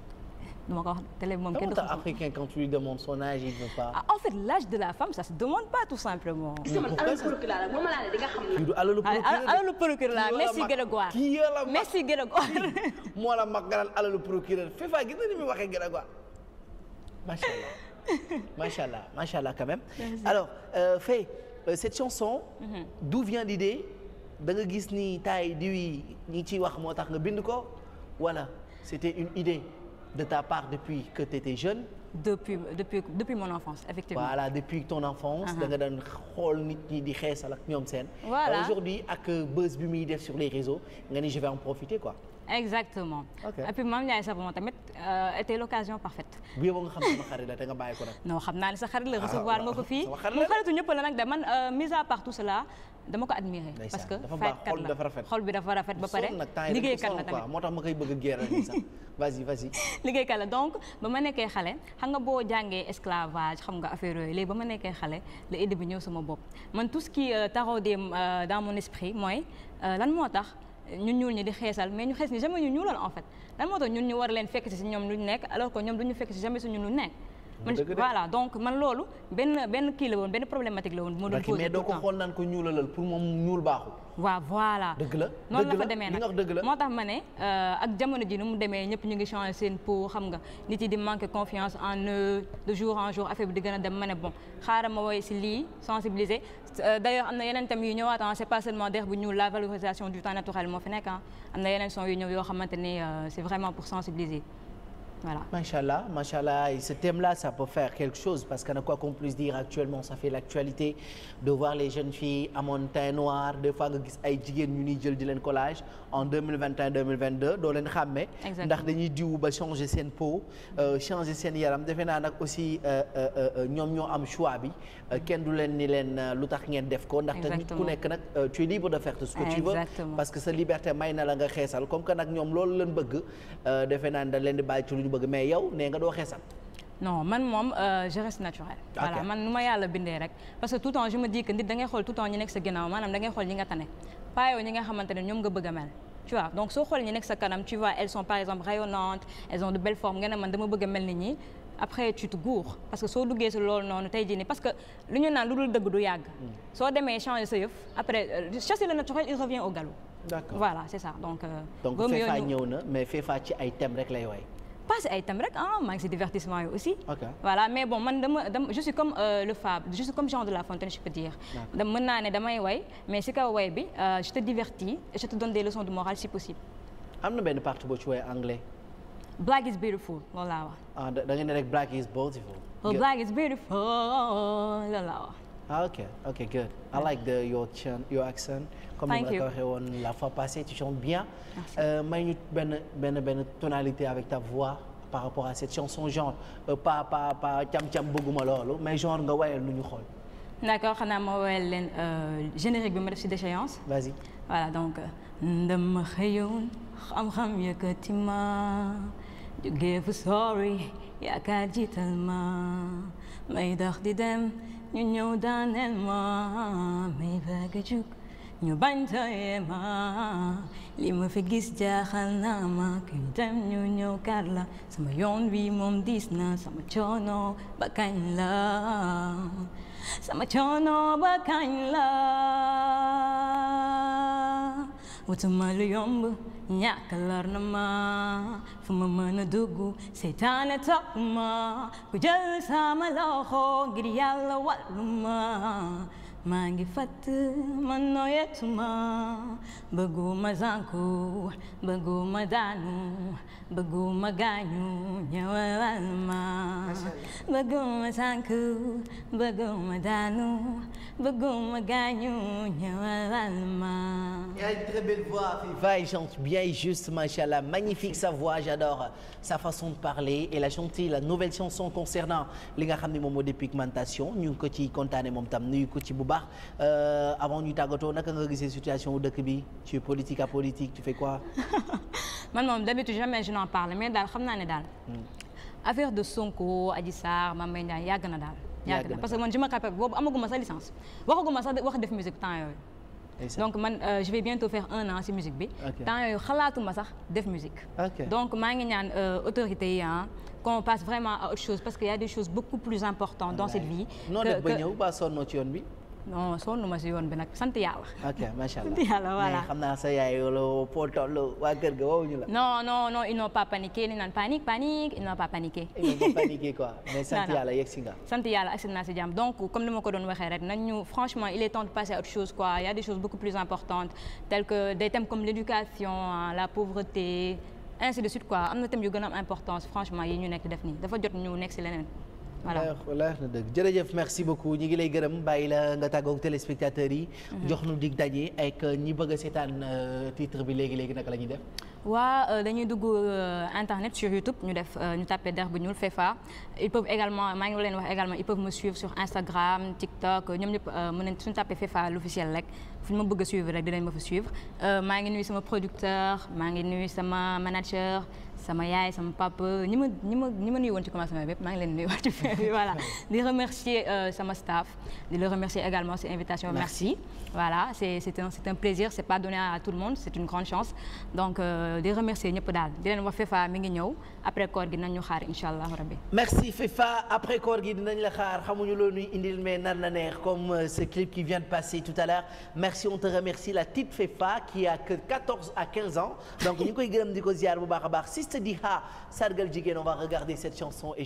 du ma ko wax kenn du africain quand tu lui son âge il veut pas. Ah, en l'âge de la femme ça se demande pas tout simplement. gis nga man procureur la merci gën a goor. mag merci gën a moo la mag nga procureur Fefa gis ni mu waxee gën a goor macha allah macha allah macha allah euh, euh, cette chanson. Mhm. d'où vient l'idée da gis ni taay diwi ñi ciy wax moo tax nga bind ko wala c'était une idée. de ta part depuis que tu étais jeune. depuis depuis depuis mon enfance effectivement. depuis ton enfance. Uh-huh. da nga daan nit ñi di xeesal ak ñoom seen. voilà aujourd'hui ak buzz bi muy def sur les réseaux nga ni je vais en profiter quoi. exactement. ok et puis Mame Ndiaye Savon tamit euh, parfaite. bu yeboo nga xam sama xarit la te nga bàyyi ko nag. non xam naa ne sa xarit la ah, recevoir nga ko fii. mu xaritu ñëpp la nag de man euh, mise à part tout cela dama ko admirer. parce que faykat la xol bi dafa rafet ba pare. liggéeykat la tamit moo a la donc ba ma nekkee xale xam nga boo jàngee esclavage xam nga affaire yooyu léegi ba ma nekkee xale la idée bi ñëw sama bopp man tout ce qui euh, taraudé dans mon esprit mooy lan moo tax. ñun ñuul ñi di xeesal mais ñu xees ñi jamais ñu ñuuloon en fait lan moo tax ñun ñu war leen fekk si si ñoom luñ nekk alors que ñoom duñu fekk si jamais si ñun luñ nekk voilà donc man loolu benn benn kii la woon benn problématique la woon moo doon posé mais doo ko xool naan ko ñuulalal pour moom ñuul baaxul voilà dëgg la noonu la fa demee nag moo tax ma ne euh, ak jamono ji nu mu demee ñëpp ñu ngi changé seen peau xam nga nit yi di manqué confiance en eux de jour en jour affaire bi di gën a dem ma ne bon xaaral ma woy si lii sensibiliser euh, d'ailleurs am na yeneen tam yu ñëwaat c'est pas seulement der bu ñuul moo fi nekk am na yeneen son yu ñëw yoo xamante ni euh, c'est voilà macha allah macha allah et ce thème là ça peut faire quelque chose parce que na qu'on puisse dire actuellement ça fi l'actualité de voir les jeunes filles amoon teint noir des fois nga gis ay jigéen ñu ñuy jël di leen collage en 2021 2022 doo leen xàmmee ndax dañuy diwu ba changer seen peau euh, changer seen yaram defe naa nag aussi euh, euh, ñoom ñoo am choix bi kenn du leen ni leen lu tax ngeen def ko ndaxte nit ku nekk nag tu es libre de faire tout ce que tu veux parce que sa liberté may na la nga xeesal comme que nag ñoom loolu leen bëgg defe naa bëgg mais yow nee nga doo xeesal. non man moom euh, je reste naturelle. Okay. voilà man nu ma yàlla bindee rek parce que tout temps je me dis que nit da xool tout le temps ñi nekk sa ginnaaw maanaam da ngay xool ñi nga tane pas ñi nga xamante ñoom nga bëgg a mel. a mel ni ñi après tu te gourres parce que soo duggee si loolu noonu tey jii nii parce que lu ñu naan lu dul dëgg du yàgg. Mm. soo demee changer sa yëf après euh, chasser le naturel il revient au galop. d'accord voilà c'est ça donc. Euh, passe ay thèmes rek ah maa divertissement yi aussi. voilà mais bon man dama dama comme euh, le Fab je comme Jean de La Fontaine je peux dire. da mën naa ne damay way mais si kaw way bi euh, je te divertis et je te donne des leçons de morale si possible. am na benn partie boo ci way anglais. Black is beautiful loolu wax. ah ne rek Black is beautiful. Oh, black is beautiful loolu wax. ah ok ok good I like the your accent. comme la waxee woon la fois passée tu chantes bien. may ñu benn benn benn tonalité avec ta voix par rapport à cette chanson genre pas euh, pas pas cam cam bëgguma loolu mais genre nga wayal lu ñu xool. d'accord xanaa ma wayal leen euh, générique bi ma def ci déchéance. vas-y voilà donc. ndama xëyoon xam-xam yëkkati ma jógee fu ma may dox dem. ñu ñëw daaneel ma may bëgg ñu bañ tooyee ma li ma fi gis jaaxal na ma kuñ dem ñu ñëw kar la sama yoon wi moom diis na sama coono ba kañ la sama coono ba kañ la wutuma lu yomb ñàkk lor na fu ma mën a dugg seytaane topp ma ku jël sama loxo ngir yàlla wàllu ma maa ngi fatt man nooyatuma bëgguma zanku bëgguma daanu bëgguma gaañu ñëwal ma bëgguma zanku bëgguma daanu bëgguma gaañu ñëwal ma Il a une très belle voix, Fifa, elle chante bien et juste, machallah, magnifique sa voix, sa façon de parler et la chanter la nouvelle chanson concernant li nga xam ne moom moo di pigmentation ñu ngi ko ci kontaane moom tam nuyu ko ci bu baax euh, avant ñuy tàggatoo naka nga gisee situation dëkk bi tu es politique à politique tu fais quoi. man moom d'habitude jamais je n'en parle mais daal xam naa ne daal. Hmm. affaire de Sonko a Sarr Mame Mbaye Niang yàgg na a yàgg na parce que man je me capable boobu amaguma sa licence waxaguma sax wax def musique temps yooyu. donc man euh, je vais bientôt faire un an ci musique bi. temps yooyu xalaatuma sax def musique. Okay. donc maa ngi ñaan euh, autorité yi ah. qu'on passe vraiment à autre chose parce y a des non sonn ma si yoon bi nag sant yàlla. ok macha allah sant yàlla voilà mais xam naa sa yaay wala foo toll waa kër ga wowuñu la. non non non ils n'ont pas paniqué ni naan panique panique ils n'ont pas paniqué. ils n'ont pas paniqué quoi mais sant yàlla yegg si nga. sant yàlla agsi naa si jàmm donc ni ma ko doon waxee rek nañu franchement il est temps de passer à autre chose quoi il des choses beaucoup plus importantes telles que des thèmes comme l'éducation la pauvreté ainsi de suite quoi am na thèmes yu gën a am importance yi ñu nekk def nii dafa jot ñu nekk si leneen. voilà leer na dëgg jërëjëf merci beaucoup ñu ngi lay gërëm bàyyi la nga tàggoog téléspectateurs yi. Mhm. jox nu dig daje ak euh, ñi bëgg a seetaan euh, titre bi léegi léegi nag la ñuy def. waa euh, dañuy dugg internet sur YouTube ñu def ñu tapé Derby Ñuul Fefa ils peuvent également maa ngi leen wax également ils peuvent me suivre sur Instagram TikTok ñoom ñëpp mën nañ suñu tapé Fefa l'officiel rek fu ñu ma bëgg a suivre rek dinañ ma fa suivre maa ngi nuyu sama producteur maa ngi nuyu sama manager. sama yaay sama papa ñi ma ñi ma ñi ma nuyu woon ci commencement bépp maa ngi leen nuyu waat ci fin bi voilà di remercier euh, sama staff di le remercier également ci invitation merci. voilà c'est c'est un c'est plaisir c'est pas donné à tout le monde c'est une grande chance donc euh, di remercier ñëpp daal di leen wax Fefa mi ngi ñëw après koor gi nañ ñu xaar incha allah rabbi. merci Fefa après koor gi dinañ la xaar xamuñu loo indil mais na neex comme euh, ce clip qui vient de passer tout à l'heure merci on te remercie la petite Fefa qui a que à 15 ans donc ñu ngi koy gërëm di ko ziar bu baax a baax Sista Diha sargal jigéen on va regarder cette chanson et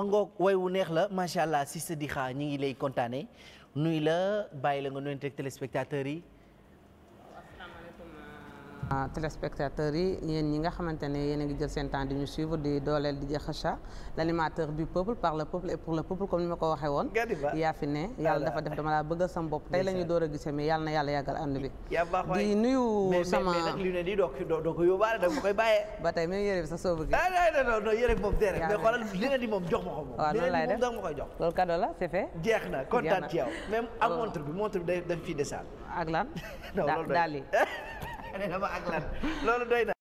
mangoog way wu neex la macha allah si sa di xaa ñi ngi lay kontaane nuy la bàyyi la nga nuyoonteeg téléspectateurs yi Euh, téléspectateurs yi yéen ñi nga xamante ne yéen a ngi jël seen temps di ñu suivre di dooleel di Kheucha l' animateur du peuple par le peuple et pour le peuple comme ni ma ko waxee woon yaa fi ne yàlla dafa def dama laa bëggal sama bopp tey la ñuy door a gisee mais yàlla na yàlla yàggal ànd bi di nuyu sama ba tey même yére bi sax soo bëggee waaw loolu laay def loolu cadeau la c'est fait jeex na kontaan ci yow même ak oh. montre bi montre nee na ma ak lan loolu doy na